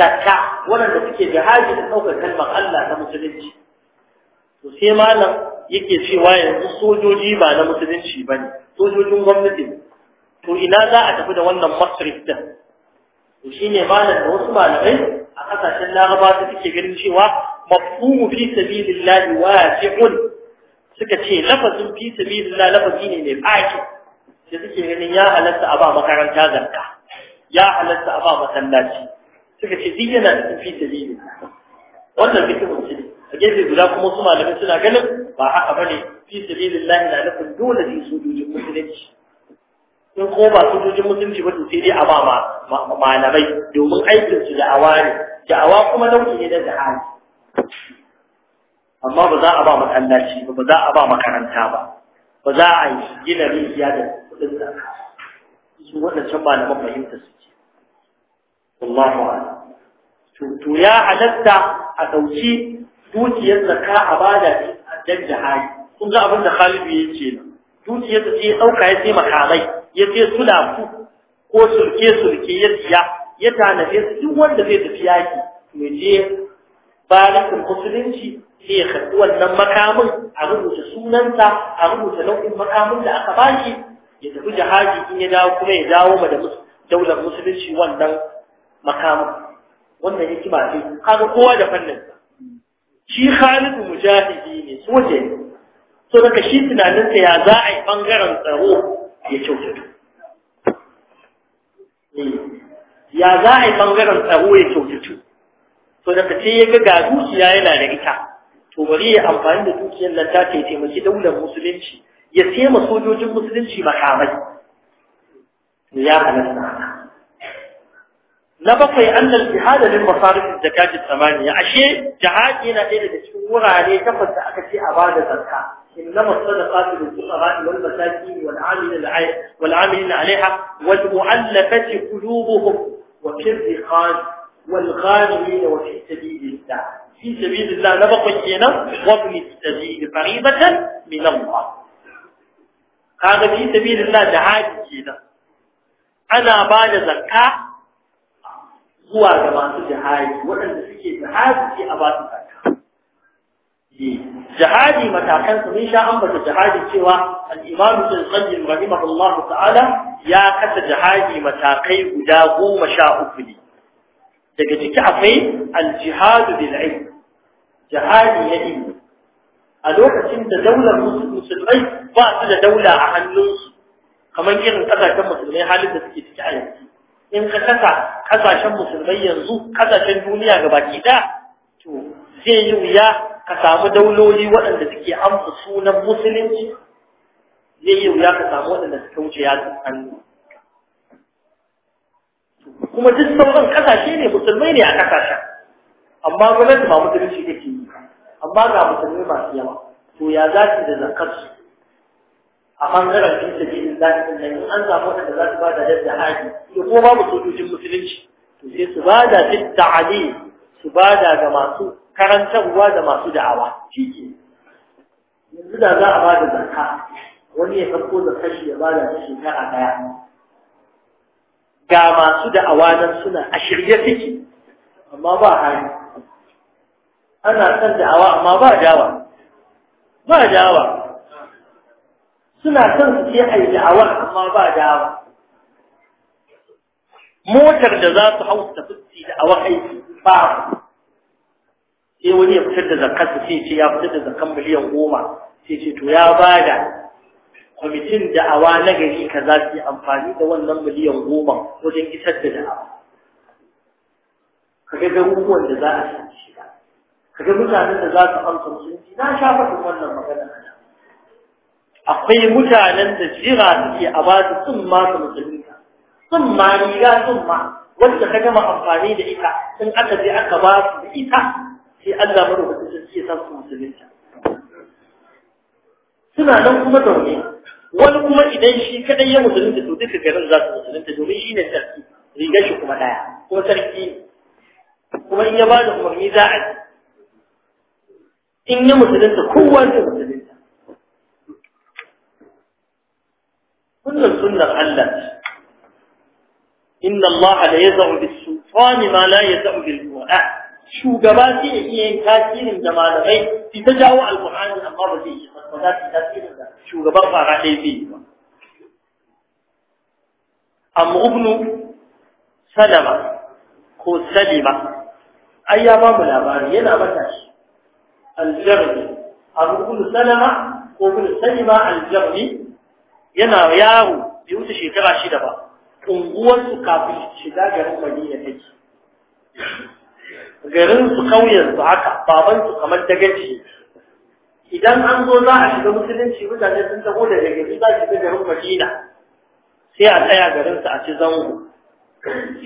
zakka waɗanda suke jihadi da ɗaukar kalmar Allah ta musulunci to sai malam yake cewa yanzu sojoji ba na musulunci bane sojojin gwamnati to ina za a tafi da wannan masrif din to shine malam da wasu malamai a kasashen laraba su suke ganin cewa mafhumu fi sabilillahi wasi'un suka ce lafazin fi sabilillah lafazi ne mai baki? da suke ganin ya halatta a ba makaranta zakka ya halatta a ba masallaci suka ce duk yana cikin fi sabilillah wannan fikirin ce a gefe guda kuma su malamai suna ganin ba haka bane fi sabilillah na nufin dole ne sojojin musulunci in kuma ba sojojin mutunci ba to sai dai a ba malamai domin aikin su da'awa ne da'awa kuma nau'i ne na jihadi amma ba za a ba masallaci ba ba za a ba makaranta ba ba za a yi gina rijiya da kudin zaka su waɗancan malaman fahimta su ce Allahu to ya halatta a ɗauki dukiyar zakka a bada dan jihadi kun ga abin da Khalidu yake nan dukiyar ta ce ɗauka ya sai makamai ya ce sulaku ko sulke-sulke ya siya ya tanaje su duk wanda zai tafi yaki mai je barikin musulunci sai ya karɓi wannan makamin a rubuta sunanta a rubuta nau'in makamin da aka bashi ya tafi jihadi in ya dawo kuma ya dawo ma da daular musulunci wannan makamin wannan hikima ce kaga kowa da fannin shi Khalid mujahidi ne soje ne so daga shi tunaninsa ya za a yi bangaren tsaro ya kyautatu ya za a yi ɓangaren tsaro ya kyautatu to daga sai ya ga ga dukiya yana da ita to bari ya amfani da dukiyar nan ta ta taimaki daular musulunci ya sema sojojin musulunci makamai ya halatta na bakwai annal jihad lil masarif zakat thamaniya ashe jihadi yana ɗaya daga cikin wurare takwas da aka ce a ba zakka innama sadaqatu lil fuqara wal masakin wal amilin alaiha wal mu'allafati qulubuhum وكر قال والغالبين وفي سبيل الله في سبيل الله نبقى كينا وابن السبيل قريبة من الله هذا في سبيل الله جهاد كينا أنا بعد زكاة هو جماعة جهاد jihadi waɗanda جهاد في ke الله jihadi matakan su mun sha ambata jihadi cewa al-imam ibn qayyim rahimahullah ta'ala ya kasa jihadi matakai guda goma sha uku ne daga ciki akwai al-jihadu bil ilm jihadi ya ilmi a lokacin da daular musulmai ba su da daula a hannunsu kamar irin kasashen musulmai halin da suke ciki a yanzu in ka kasa kasashen musulmai yanzu kasashen duniya gabaki da to zai yi wuya ka samu dauloli waɗanda suke amsa sunan musulunci zai yi wuya ka samu waɗanda suka wuce yatsun hannu kuma duk sauran ƙasashe ne musulmai ne a ƙasashe, amma gwamnati ba musulunci ke yi amma ga musulmai masu yawa to ya za su da zakarsu a ɓangaren fi sabilin zaɓin nan in an samu waɗanda za su ba da yadda haji ko kuma babu sojojin musulunci to sai su ba da fit ta'ali su ba da ga masu karantarwa da masu da'awa shi ke yanzu da za a ba da zarka wani ya farko da kashi ya ba da ta shekara daya ga masu da'awa nan suna a shirye suke amma ba hali ana son da'awa amma ba dawa ba dawa suna son su ce ai da'awa amma ba dawa motar da za su hau tafi da'awa aiki ba sai wani ya fitar da zakarsa sai ce ya fitar da zakar miliyan goma sai ce to ya bada kwamitin da awa na gari ka za su yi amfani da wannan miliyan goma wajen isar da da'awa ka ga garuruwan da za a san shiga kaga ga mutanen da za su amsa musulunci na sha faɗin wannan magana akwai mutanen da jira suke a ba su sun ma su musulunta sun ma riga sun ma wanda ka gama amfani da ita in aka je aka ba su da ita sai Allah madaukakin sarki ya sa su musulunta suna nan kuma zaune wani kuma idan shi kadai ya musulunta to duka garin za su musulunta domin shi ne sarki rigar shi kuma daya kuma sarki kuma in ya ba da umarni za a in ya musulunta kowa zai musulunta wannan sunnar Allah inna Allah la yaz'u bis-sultani ma la yaz'u bil-mu'ah shugaba zai iya yin tasirin da malamai su ta jawo alƙur'ani amma ba zai yi ba za su tasirin da shugaban fara ɗaya zai yi ba amma ibnu salama ko salima ai ya ba mu labari yana matashi aljarbi abu ibnu salama ko ibnu salima aljarbi yana yawo bai wuce shekara shida ba unguwarsu kafin shiga garin madina take garin su kauyen su haka baban su kamar dagaci idan an zo za a shiga musulunci mutane sun taho da gari za su shiga garin Madina sai a tsaya garin su a ci zango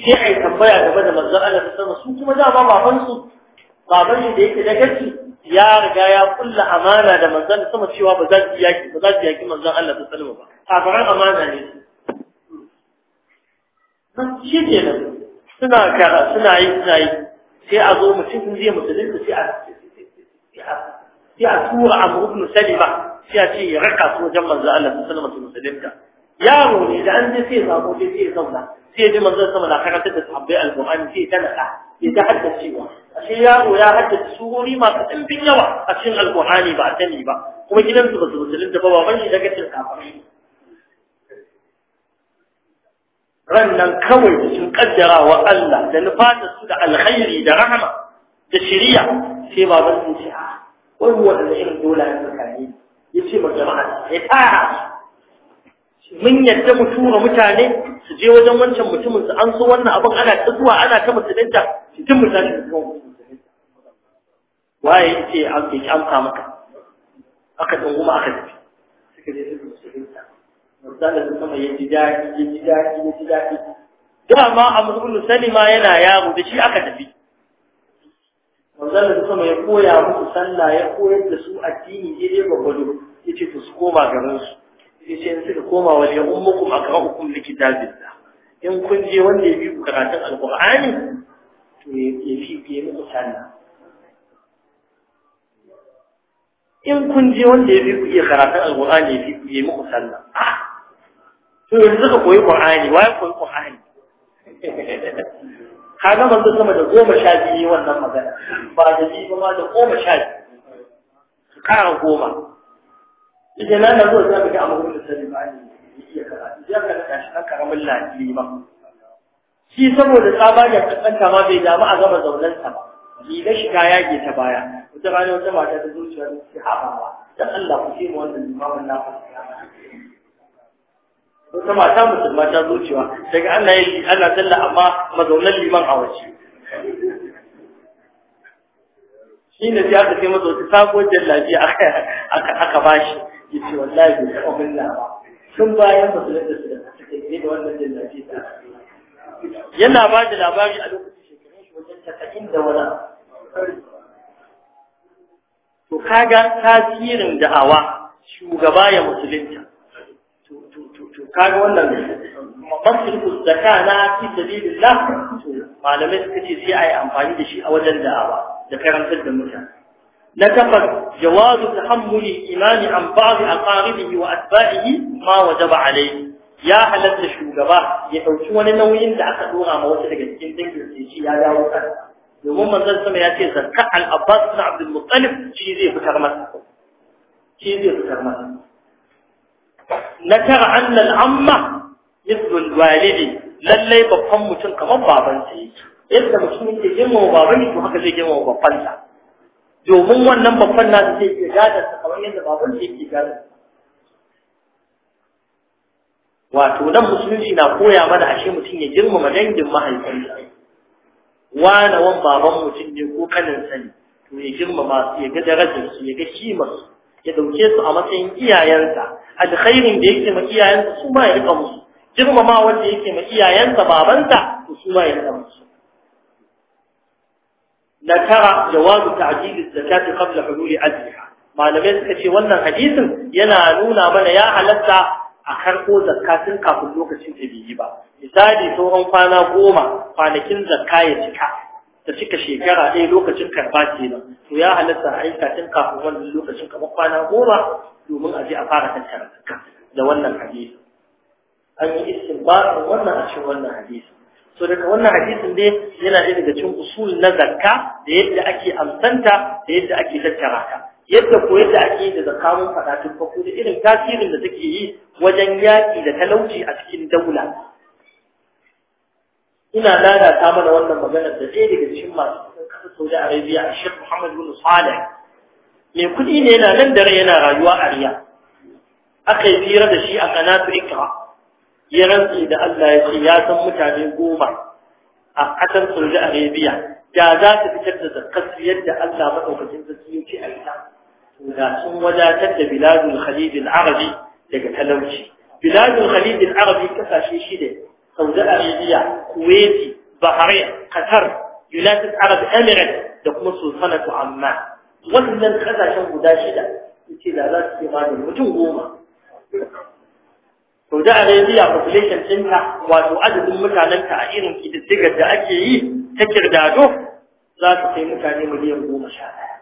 sai a yi tambaya game da manzon Allah sallallahu sama su kuma da ba baban su baban shi da yake dagaci ya riga ya kulla amana da manzon sama cewa ba za su yaki ba za su yaki manzon Allah sallallahu ba kafaran amana ne su shi ne suna kara suna yi suna yi sai a zo mutum in zai musulunta sai a sai a tura abu ibn salima sai a ce ya raka su wajen manzo Allah sallallahu alaihi musulunta yaro ne da an je sai ya zabo sai ya zauna sai ya ji manzo sama na karantar da sahabbai qurani sai ta nada ya ta haddacewa ashe yaro ya haddace surori masu ɗimbin yawa a cikin Al-Qur'ani ba a sani ba kuma gidansu ba su musulunta ba ban shi daga cin kafin rannan kawai cikin kaddarawa Allah da nufata su da alkhairi da rahama da shiriya sai baban sun ce a ah, wani wanda irin dola ya mutane ya ce ma jama'a ya tara mun yadda mu tura mutane su je wajen wancan mutumin su an so wannan abin ana ta zuwa ana ta musulunta cikin mutane waye ya ce an fi amsa maka aka dungu ma aka tafi suka je su musulunta misalin da sama ya ji daɗi ya ji daɗi ya ji daɗi dama amrul salima yana yaro da shi aka tafi manzalin sama ya koya musu sallah ya koyar da su addini daidai gwagwado ya ce su koma garinsu ya ce in suka koma wajen ummukum a kan hukum likitabinsa in kun je wanda ya bi ku karatun alƙur'ani to ya fi biye muku sallah in kun je wanda ya fi ku iya karatun alƙur'ani ya fi biye muku sallah ah! to yanzu ka koyi wa ya koyi qur'ani kaga manzo sama da goma sha biyu wannan magana ba da bi ba da goma sha biyu kara goma idan nan na zo sai ga amma da sani ba ni iya karatu sai ka ga shi nan karamin lafiya ba shi saboda tsaba da kankanta ma bai damu a gama zaunan sa ba ni da shiga yage ta baya wata rana wata mata ta zuciya ta ce ha ba dan Allah ku ce mu wannan limamin na ku wata mata musulma ta zo cewa daga Allah ya yi sallah amma mazaunan liman a waje shi ne sai aka sai masa wata sabuwar jallabi aka bashi ya ce wallahi bai taɓa murna ba tun bayan musulun da suka suka da wannan jallabi ta yana ba da labari a lokacin shekarun shi wajen tasa'in da wala to kaga tasirin da'awa shugaba ya musulunta kaga wannan mafasil zakka na fi la to malamai suka ce sai ayi amfani da shi a wajen da'awa da karantar da mutane na takwas jawazu tahammuli imani an ba'd aqaribihi wa atba'ihi ma wajaba alayhi ya halatta shugaba ya dauki wani nauyin da aka dora ma wasu daga cikin dangin shi ya dawo kansa domin manzon sama ya ce zakka al-abbas ibn abdul muttalib shi zai fitar masa shi zai fitar masa na tara annal amma yadda walidi lallai babban mutum kamar sa yake yadda mutum yake girmama baban to haka zai girmama sa domin wannan babban na zai ke gadar sa kamar yadda shi yake gadar wato nan musulunci na koya mana ashe mutum ya girmama dangin sa wani wan baban mutum ne ko kanin sani to ya girmama su ya ga darajar su ya ga kimar su ya dauke su a matsayin iyayensa alkhairin da yake ma iyayensa su ma ya rika musu girmama wanda yake ma iyayensa babanta to su ma ya rika musu na tara jawazu ta'jil zakati qabla hululi ajliha malamai suka ce wannan hadisin yana nuna mana ya halatta a karko tun kafin lokacin da bai yi ba misali sauran kwana goma kwanakin zakka ya cika ta cika shekara ɗaya lokacin karba ke nan to ya halatta a aika tun kafin wannan lokacin kamar kwana goma domin a je a fara tattara da wannan hadisi an yi istinbatin wannan a cikin wannan hadisi so daga wannan hadisin dai yana ɗaya daga cikin usul na zakka da yadda ake amsanta da yadda ake tattara ta yadda ko yadda ake da zakka mun faɗa tun farko da irin tasirin da take yi wajen yaƙi da talauci a cikin daula ina lalata mana wannan maganar da ɗaya daga cikin masu kusan ƙasar Saudi Arabia a Sheikh Muhammad bin Saleh mai kuɗi ne yana nan dare yana rayuwa a riya aka yi fira da shi a kanatu ikra ya rantsi da Allah ya ce ya san mutane goma a kasar Saudi Arabia da za ta fitar da zakkar yadda Allah maɗaukacin sarki ya a ita to da sun wadatar da biladul khalid al-arabi daga talauci biladul khalid al-arabi kasashe shida Saudi Arabia, Kuwaiti, Bahrain, Qatar, United Arab Emirates da kuma Sultanatu Amman. Wannan kasashen guda shida yace da za su yi maganin mutum goma. Saudi Arabia population ɗinta wato adadin mutanenta a irin ƙididdigar da ake yi ta kirdado za su kai mutane miliyan goma sha ɗaya.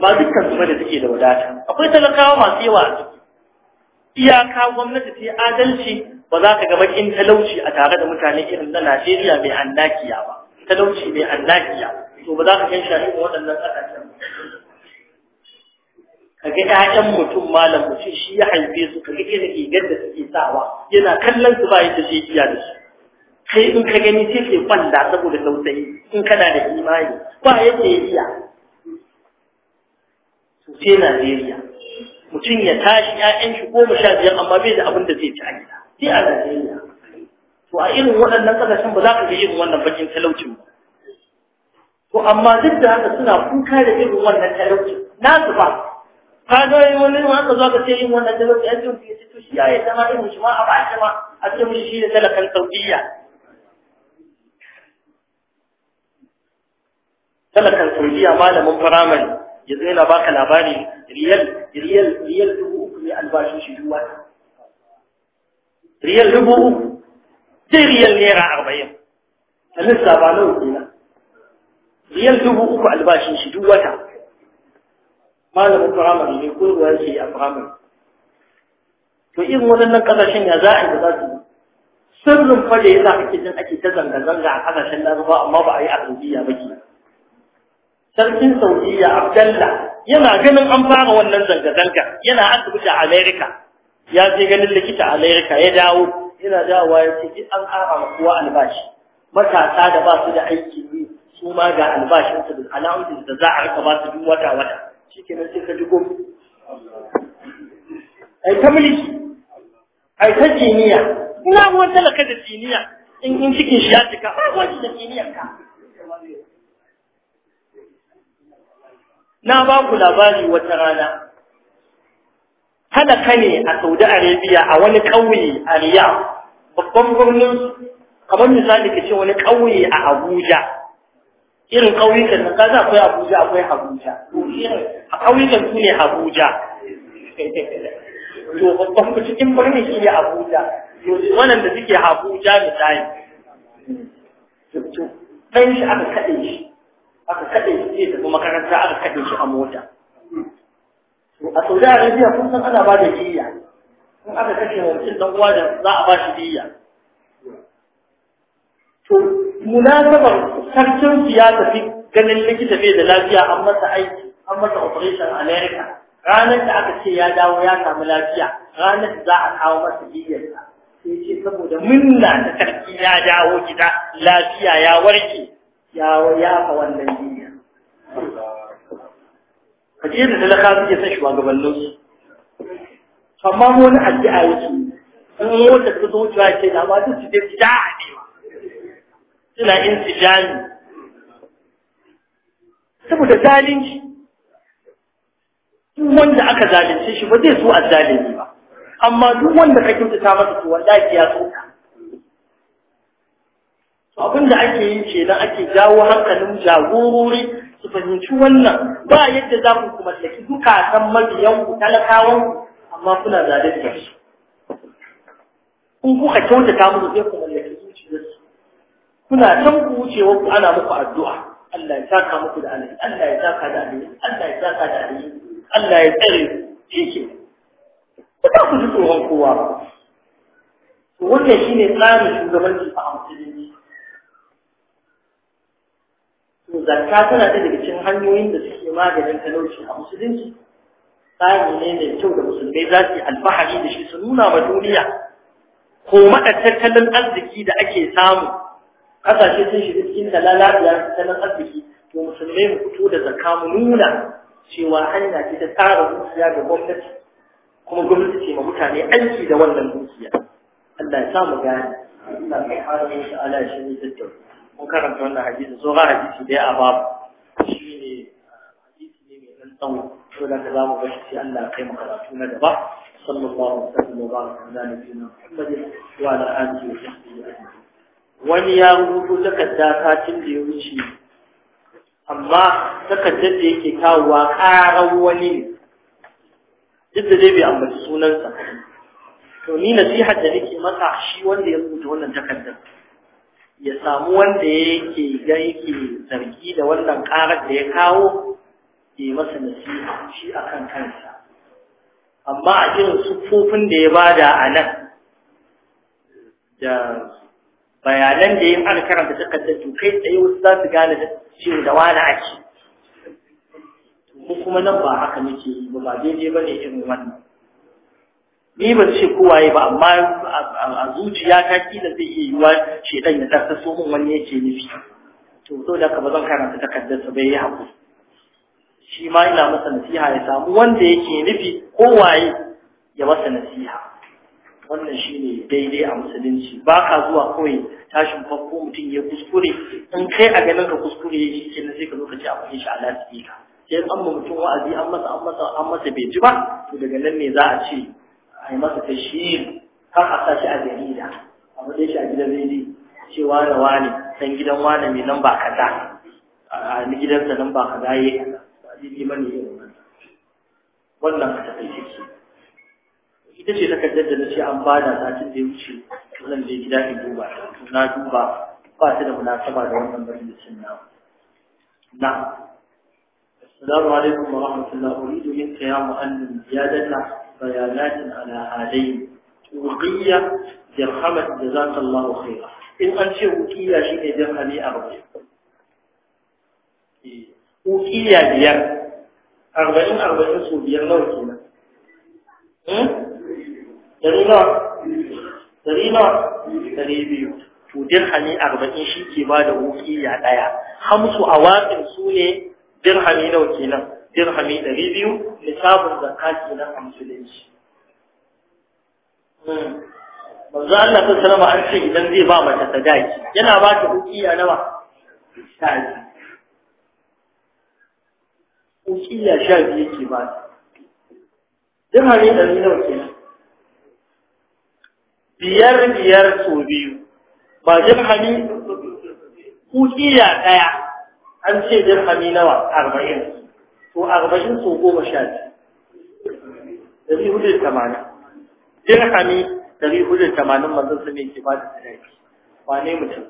Ba dukkan su da suke da wadata. Akwai talakawa masu yawa a ciki. Iyaka gwamnati ta yi adalci ba za ka ga bakin talauci a tare da mutane irin na Najeriya mai annakiya ba talauci mai annakiya to ba za ka gan shafi waɗannan ƙasashen ka ga ƴaƴan mutum malam mutum shi ya haife su ka ga irin rigar da suke sawa yana kallon su ba yadda zai iya da su kai in ka gani sai ke kwanda saboda tausayi in kana da imani ba yadda ya iya sosai Najeriya mutum ya tashi 'ya'yan shi goma sha biyar amma bai da abin da zai ci a gida sai a Najeriya to a irin waɗannan ƙasashen ba za ka ga irin wannan bakin talaucin ba to amma duk da haka suna kuka da irin wannan talaucin su ba ka ga wani wanda zo ka ce irin wannan talaucin? an jin fiye to shi ya yi dama irin shi ma a ba shi ma a ce mishi shi da talakan saudiya talakan saudiya malamin firamare yanzu yana baka labari riyal riyal riyal dubu uku ne albashin shi duk wata riyal dubu uku sai riyal naira arba'in a ba nawa kenan riyal dubu uku albashin shi duk wata malamin firamare ne ko ruwa ke a firamare to irin waɗannan ƙasashen ya za a yi za su yi sirrin fa da ya sa kake jin ake ta zanga-zanga a ƙasashen larabawa amma ba a yi a saudiya ba ke sarkin saudiya abdalla yana ganin an fara wannan zanga-zanga yana asibiti a america ya je ganin likita a Amerika ya dawo yana dawowa ya ce duk an ƙara ma albashi matasa da ba su da aiki ne su ma ga albashin su da da za a rika ba su duk wata wata shikenan sai ka dugo ai ta miliki, ai ta jiniya ina ruwan talaka da jiniya in in cikin shi ya cika ba ruwan da jiniyar ka na ba ku labari wata rana talaka ne a Saudi Arabia a wani ƙauye a Riyadh babban birnin kamar misali ka ce wani ƙauye a Abuja irin ƙauyukan nan kaza akwai Abuja akwai Abuja a ƙauyukan su ne Abuja to babban cikin birnin shi ne Abuja to wannan da suke Abuja misali dan shi aka kaɗe shi aka kaɗe shi zai tafi makaranta aka kaɗe shi a mota a saudi arabiya kun san ana ba da jiya in aka kashe mutum dan uwa da za a ba shi jiya to munasabar sarkin ya tafi ganin likita mai da lafiya an masa aiki an masa operation america ranar da aka ce ya dawo ya samu lafiya ranar da za a kawo masa jiyarsa sai ce saboda Minna da sarki ya dawo gida lafiya ya warke ya ya fa wannan jiya kaje da talaka suke son shugabannin amma mu wani addu'a yake in wanda suka zo cewa ke da ba su je a ne suna intijani saboda zalunci duk wanda aka zalunce shi ba zai so a zalunci ba amma duk wanda ka kyautata masa to wallahi ya so ka abin da ake yi kenan ake jawo hankalin jagorori su fahimci wannan ba yadda za ku kuma saki kan mabiyan ku talakawan amma kuna da su in kuka kyautata musu sai ku mallaki zuciyarsu kuna can ku wucewa ku ana muku addu'a Allah ya saka muku da alheri Allah ya saka da alheri Allah ya saka da alheri Allah ya tsare shi ke ku ta ku ji tsoron kowa wannan shine tsarin shugabanci a musulunci zakka tana da daga cikin hanyoyin da suke maganin talauci a musulunci tsari ne mai kyau da musulmai za su yi alfahari da shi su nuna ma duniya ko maɗa tattalin arziki da ake samu ƙasashe sun shiga cikin talalabiyar tattalin arziki to musulmai mu fito da zakka mu nuna cewa hanya ce ta tsara dukiya ga gwamnati kuma gwamnati ce ma mutane aiki da wannan dukiya Allah ya samu gani Allah subhanahu wa ta'ala shi ne tattauna mun karanta wannan hadisi so ga hadisi dai a babu shi ne ah, hadisi ne mai dan tsawo to da za mu bashi sai Allah ya kai mu karatu na gaba sallallahu alaihi wa sallam ala nabiyina Muhammadin wa ala alihi wa sahbihi ajma'in wani ya rubuto takarda satin da ya wuce amma takardar da yake kawowa karar wani ne duk da dai bai ambaci sunansa to ni nasiha da nake masa shi wanda ya rubuta wannan takardar ya samu wanda yake ga yake zargi da wannan karar da ya kawo ya masa nasiha shi akan kansa amma a irin sufofin da ya ba da anan, da bayanan da yin alkaran da takardar to kai tsaye wasu za su gane da cewa da wani ake kuma nan ba haka muke ba ba daidai ba ne irin wannan ni ban ce kowaye ba amma a zuciya ta kila zai iya yiwa dan ya tsaka so mun wani yake nufi to saboda da ka zan karanta takardar sa bai yi hakuri shi ma ina masa nasiha ya samu wanda yake nufi kowaye ya masa nasiha wannan shi daidai a musulunci ba ka zuwa kawai tashin farko mutum ya kuskure in kai a ganin ka kuskure ya yi kenan sai ka zo ka ce a shi a lafiya sai an mutum wa'azi an masa an masa an masa bai ji ba to daga nan ne za a ce a yi masa tashhir har a sa shi a jarida a bude shi a gidan rediyo ce, wane wani San gidan wani mai nan ba kaza a ni gidansa nan ba kaza yayi kaza ba ji bane yayi wannan ka tafi ciki ita ce takardar da ce an bada satin da ya wuce zan je gida in duba na duba ba ta da munasaba da wannan cin na na السلام عليكم ورحمة الله أريد منك يا مؤلم زيادة بيانات على هذين وقية درهمة جزاك الله خيرا إن أنت وقية شيء درهمي أربعين وقية بيار أربعين أربعين سو بيار لو كنا درينا درينا دريبيو to dirhami 40 shi ke bada wuki ya daya hamsu awaqin su ne dirhami nawa kenan dirhami ɗari biyu lissafin zakka kenan a musulunci hmm. manzo Allah ta salama an ce idan zai ba mata sadaki yana ba ta ya nawa sha Uki ya sha biyu yake ba ta dirhami ɗari nawa kenan biyar biyar so biyu ba dirhami ya ɗaya an ce dirhami nawa arba'in to arba'in ko goma sha biyu dari hudu da tamanin hami dari hudu da tamanin manzon ne ke ba da sadaki wane mutum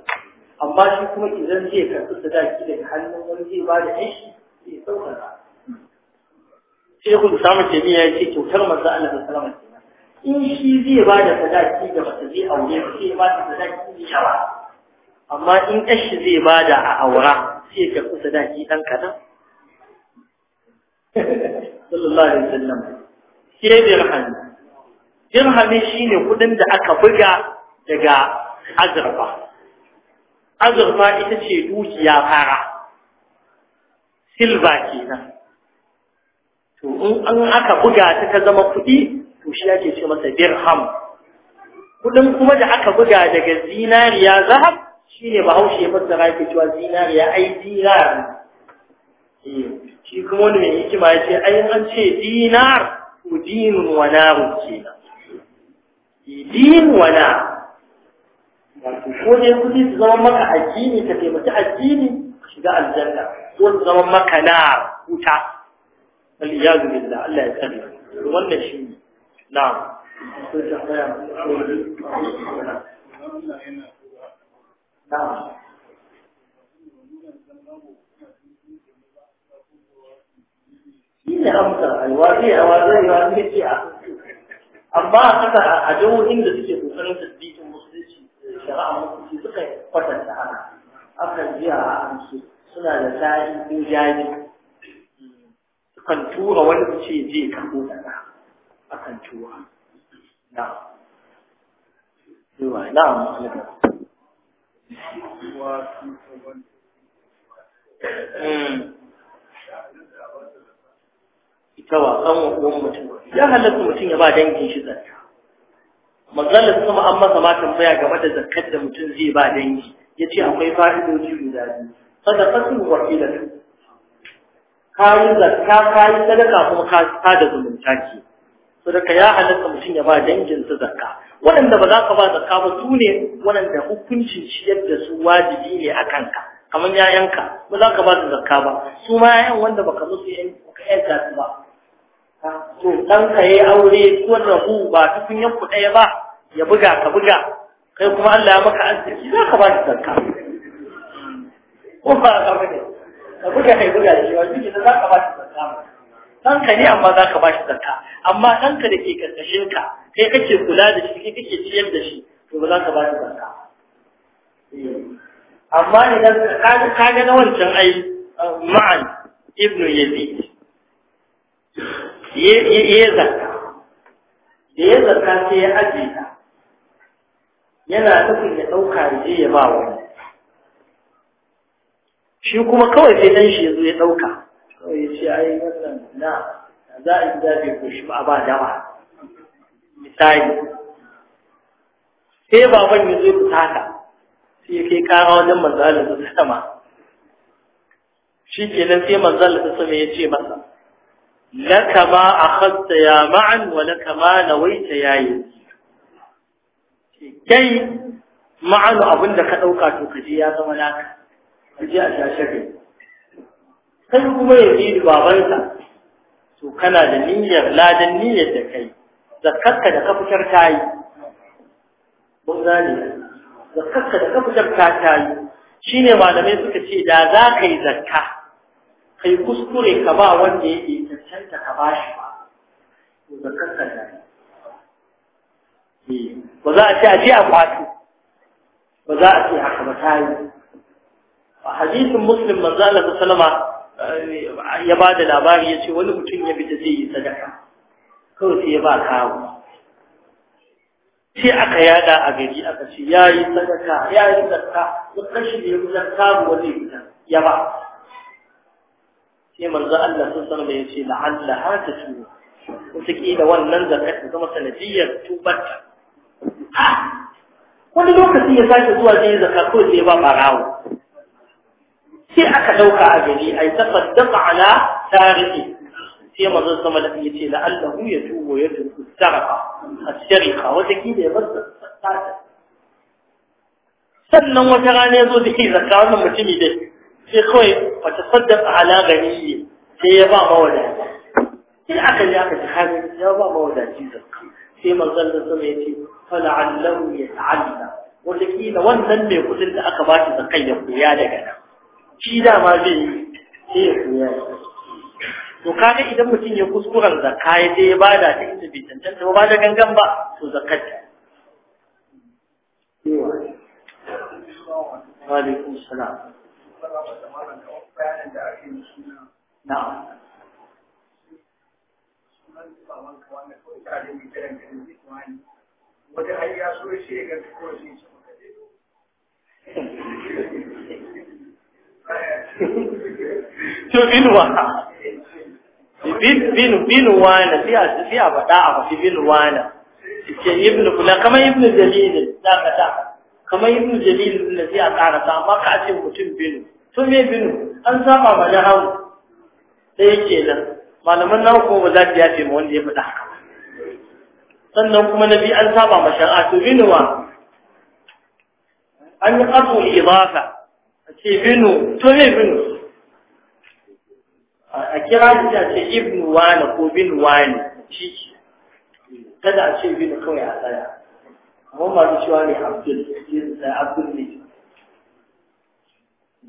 amma shi kuma idan zai karɓi sadaki daga hannun wani zai ba da aiki zai sauƙaƙa sai kun samu jami'a ya ce kyautar manzo Allah sallallahu alaihi wasallam in shi zai ba da sadaki da mace zai aure sai ba da sadaki ne yawa amma in ƙashi zai ba da a aura sai karɓi sadaki ɗan kaɗan sallallahu alaihi wasallam ke dirham dirhami shine kudin da aka buga daga azurfa azurfa dukiya fara silva kenan to an dirham kudin kuma da aka buga daga zinariya zahab shine bahaushe ya fassara shi kuma wani mai hikima ya ce ai an ce dinar ku dinun wa narun kenan din wa wato ko ne kudi su zama maka addini ka taimaki addini shiga aljanna ko su zama maka na wuta wal billah Allah ya tsare wannan shi ne ce a wazan yawa suka ce a amma a kasa a jihohin da suke kokarin tasbitin musulunci shari'a musulunci suka kwatanta haka akan biya a amsu suna da tsari ko jari kan tura wani su ce je ka ko kaza kan tura na na musulunci Mm. ta wasan uwan mutum ya halatta mutum ya ba dangin shi zakka manzalar sama an masa ma tambaya game da zakkar da mutum zai ba dangi ya ce akwai fa'idoji guda biyu sadaqatu wa qilatu kayi zakka kayi sadaka kuma ka sada zumunta ke sadaka ya halatta mutum ya ba dangin sa zakka waɗanda ba za ka ba zakka ba su ne waɗanda hukuncin ciyar da su wajibi ne a kanka kamar yanka ba za ka ba su zakka ba su ma yayan wanda baka musu yan ka yan ba to dan ka yi aure ko rabu ba tukunyan ku ɗaya ba ya buga ka buga kai kuma Allah ya maka arziki za ka ba shi sarka ko ba ka buga ka buga kai buga shi wani kike za ka ba shi sarka dan ka ne amma za ka ba shi sarka amma dan ka dake karkashin ka kai kake kula da shi kai kake ciyar da shi to ba za ka ba shi sarka eh. amma idan ka ga na wancan ai ma'an ibnu yazid ya zarka da ya zarka sai ya ajiye ta yana nufin ya ɗauka ya je ya ba wani shi kuma kawai sai dan shi ya zo ya ɗauka kawai ya ce ai wannan na za a yi zafi ko shi ba a ba dama misali sai baban ya zo fusata sai ya kai kara wajen manzo Allah ta sama shi ke nan sai manzo Allah sama ya ce masa laka ma akhadta ya ma'an wa laka ma nawaita ya yi kai ma'anu abin da ka ɗauka to kaje ya zama naka kaje a shashe kai kai kuma ya yi babansa to kana da niyyar ladan niyyar da kai zakarka da ka fitar tayi mun gane zakarka da ka fitar ta yi shine malamai suka ce da za ka yi zakka kai kuskure ka ba wanda yake cancanta ka ba shi ba to zakar ka da eh, ba za a ce a ce a kwato ba za a ce a ba ta a hadisin muslim manzo Allah sallama eh, ya ba da labari ya ce wani mutum ya bita zai yi sadaka kawai sai ya ba kawo sai aka yada a gari aka ce ya yi sadaka ya yi zakka duk kashi da ya fi zakka wani ya ba sai manzo Allah sun sanar da yace la alla hata su wata kila wannan zakat ta zama sanadiyar tubar wani lokaci ya sake zuwa zai zakat ko sai ba barawo sai aka dauka a gari ai taqaddaqa ala tarihi sai manzo sama da yace hu ya tubo ya tubu sarafa a sariqa wata kila ya bar sannan wata rana ya zo da zakka wannan mutumi dai sai kawai wata saddaka ala gani sai ya ba mawadaci sai aka ji aka ji hali ya ba mawadaci zakka sai manzon da sama ya ce fala'allahu ta'alla wanda kila wannan mai kudin da aka ba da kai ya koya daga nan shi da ma zai yi sai ya koya to kaga idan mutum ya kuskura zakka ya je ya bada ta inda bai cancanta ba da gangan ba to zakkar ta Wa alaikum Na'am. wata har ko ce to binuwa binuwa na sai a sai faɗa a faɗi binuwa na ke ibn kula yi ibn jalil da ka ta yi ibn jalil da sai a amma ka ce mutum binu to me binu an saba ba da hawo sai kenan malaman nawa ko ba za ta yafe ma wanda ya fada haka sannan kuma na an saba ma shar'a to binuwa an yi ƙasu idafa a ce binu to ne binu a kira shi a ce ibnu wani ko binu wani shi kada a ce binu kawai a tsaya amma masu cewa ne abdul abdul ne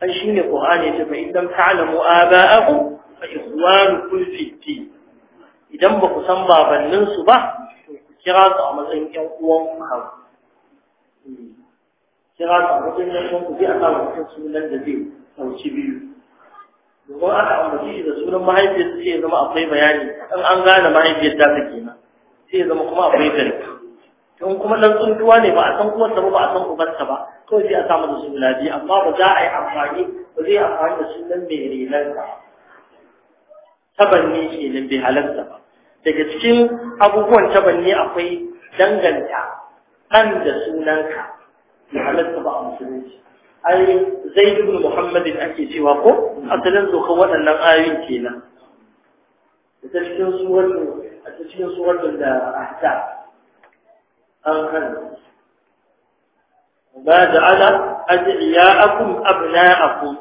an shi ne ƙwa'ani ta mai idan ta'alamu a ba'ahu a ikhwanu kun fiti idan ba ku san babanninsu ba to ku kira su a matsayin ƴan uwan ku hau hmm. kira su a matsayin ƴan uwan ku bi a samu mutum sunan da zai sauci biyu domin aka ambaci shi da sunan mahaifiyar sai ya zama akwai bayani in an gane mahaifiyar ta ta kenan sai ya zama kuma akwai garki in kuma dan tsuntuwa ne ba a san kuma ba ba a san ubansa ba kawai sai a samu da suna amma ba za a yi amfani ba zai amfani da sunan mai rilan ba tabanni shi ne bai halarta ba daga cikin abubuwan tabanni akwai danganta ɗan da sunanka bai halarta ba a musulunci ai zai ibn muhammadin ake cewa ko a asalin zokan waɗannan ayoyin kenan da ta cikin suwar da ahzab أنهم وما جعل أدعياءكم أبناءكم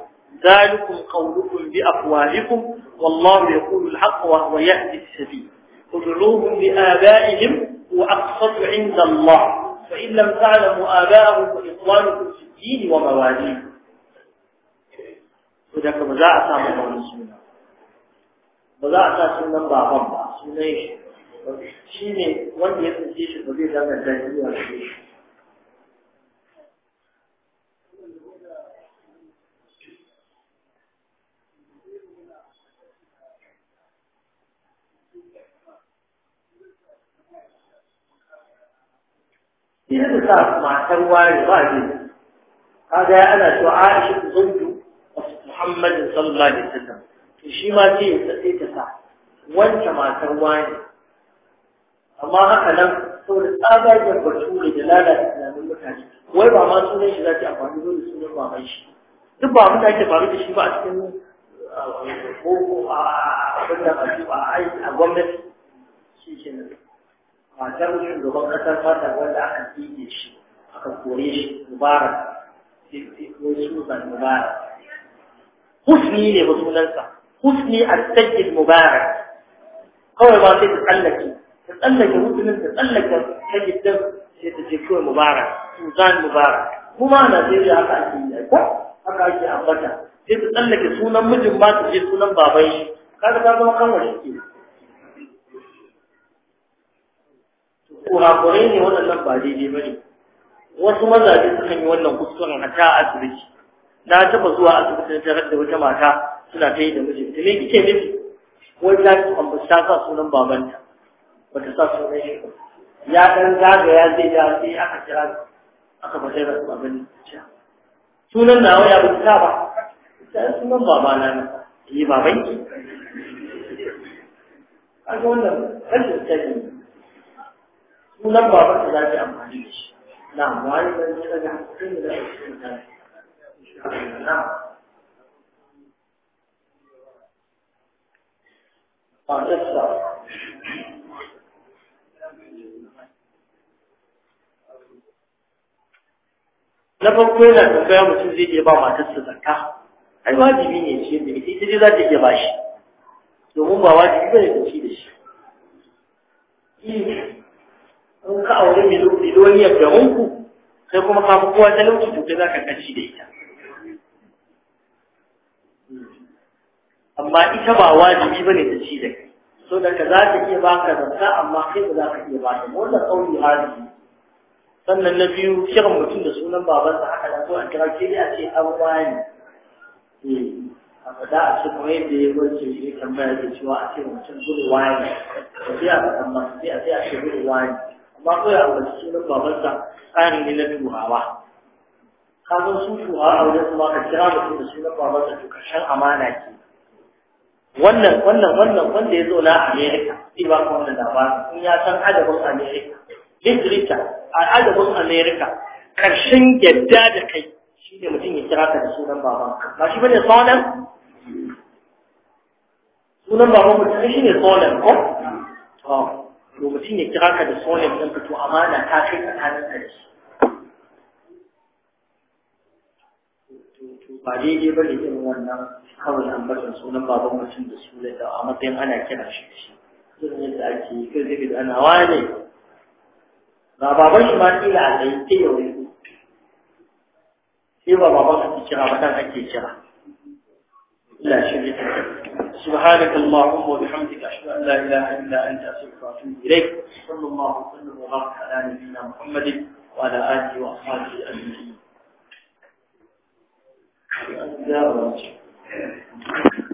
ذلكم قولكم بأقوالكم والله يقول الحق وهو يهدي السبيل ادعوهم لآبائهم وأقصد عند الله فإن لم تعلموا آباءهم فإخوانكم في الدين ومواليكم وذاك ما za a samu wani suna ba za shi ne wanda ya tsince shi ba zai danganta shi zuwa shi Idan da sa matar ware ba zai, ga ya ana cewa Aisha zunju Muhammadin sallallahu alaihi wasallam. shi ma sai ya tsaye ta sa wancan matar wani amma haka nan saboda barci, bature da lalata tunanin mutane wai ba ma sunan shi za ta amfani da sunan mai shi duk ba mutane ke ake faru da shi ba a cikin ko a abin da ba ba a gwamnati shi ke nan matar shugaban kasar fata wanda aka tsige shi aka kore shi mubarak wai sunan mubarak husni ne ba sunansa husni a sajjid mubarak kawai ba sai ta tsallake ta tsallake rukunin ta tsallake ta gidan sai ta ce kawai Mubara, suzan Mubara. kuma na Najeriya da haka ake yi ko haka ake ambata sai ta tsallake sunan mijin ba ta je sunan baban shi kaga ta zama kanwar shi ke kurakurai ne waɗannan ba daidai ba ne wasu mazaje sukan yi wannan kuskuren a ta asibiti na taɓa zuwa asibiti na tarar da wata mata suna ta yi da mijin. mijinta ne kike nufi wai za ki ambata sa sunan babanta Wata ta sa shi ba ya ɗan zagaya zai ja sai aka kira aka ba da rasu abin ciya sunan nawa ya rubuta ba sai sunan baba na ne yi eh, baban ki ga wannan ta yi sunan baban ta za ki amfani da shi na wani da ne daga hankali da shi ta na ba ta na farko yana da tambaya mutum zai iya ba matarsa zakka ai wajibi ne shi da ita ita za ta iya ba shi domin ba wajibi ba ne shi da shi in ka aure miloniyar garinku sai kuma ka kowa ta lokaci to kai za ka kashi da ita amma ita ba wajibi ba ne ta ci da kai so da ka za ta iya baka zakka amma kai ba za ka iya ba ta wannan tsauri hali sannan na biyu kiran mutum da sunan babansa haka da ko an kira ke a ce an wani eh, a faɗa a cikin wani da ya gwarce shi ne tambaya da cewa a ce mutum gudu wani a ce a faɗan ma, sai a ce a ce gudu wani amma ko ya ambaci sunan babansa tsari ne na turawa kazan su turawa a wajen kuma ka kira mutum da sunan babansa to karshen amana ke wannan wannan wannan wanda ya zo na Amerika, sai ba ka wannan labarin in ya san adabin amerika literature a adabin Amerika, ƙarshen yadda da kai shi ne mutum ya kira ka da sunan baban ba shi bane sonan sunan baban mutum shi ne sonan ko to mutum ya kira ka da sonan ɗin fito to amana ta kai tsakanin ka da shi ba daidai ba ne irin wannan kawai ambatan sunan baban mutum da sunan da a matsayin ana kira shi da shi irin yadda ake yi kai zai ana wane na baban ما ma kila a tsaye ta yau ne sai ba baban ake لا شريك سبحانك اللهم وبحمدك اشهد ان لا اله الا انت استغفرك واتوب اليك صلى الله وسلم وبارك على نبينا محمد وعلى اله واصحابه اجمعين Yeah.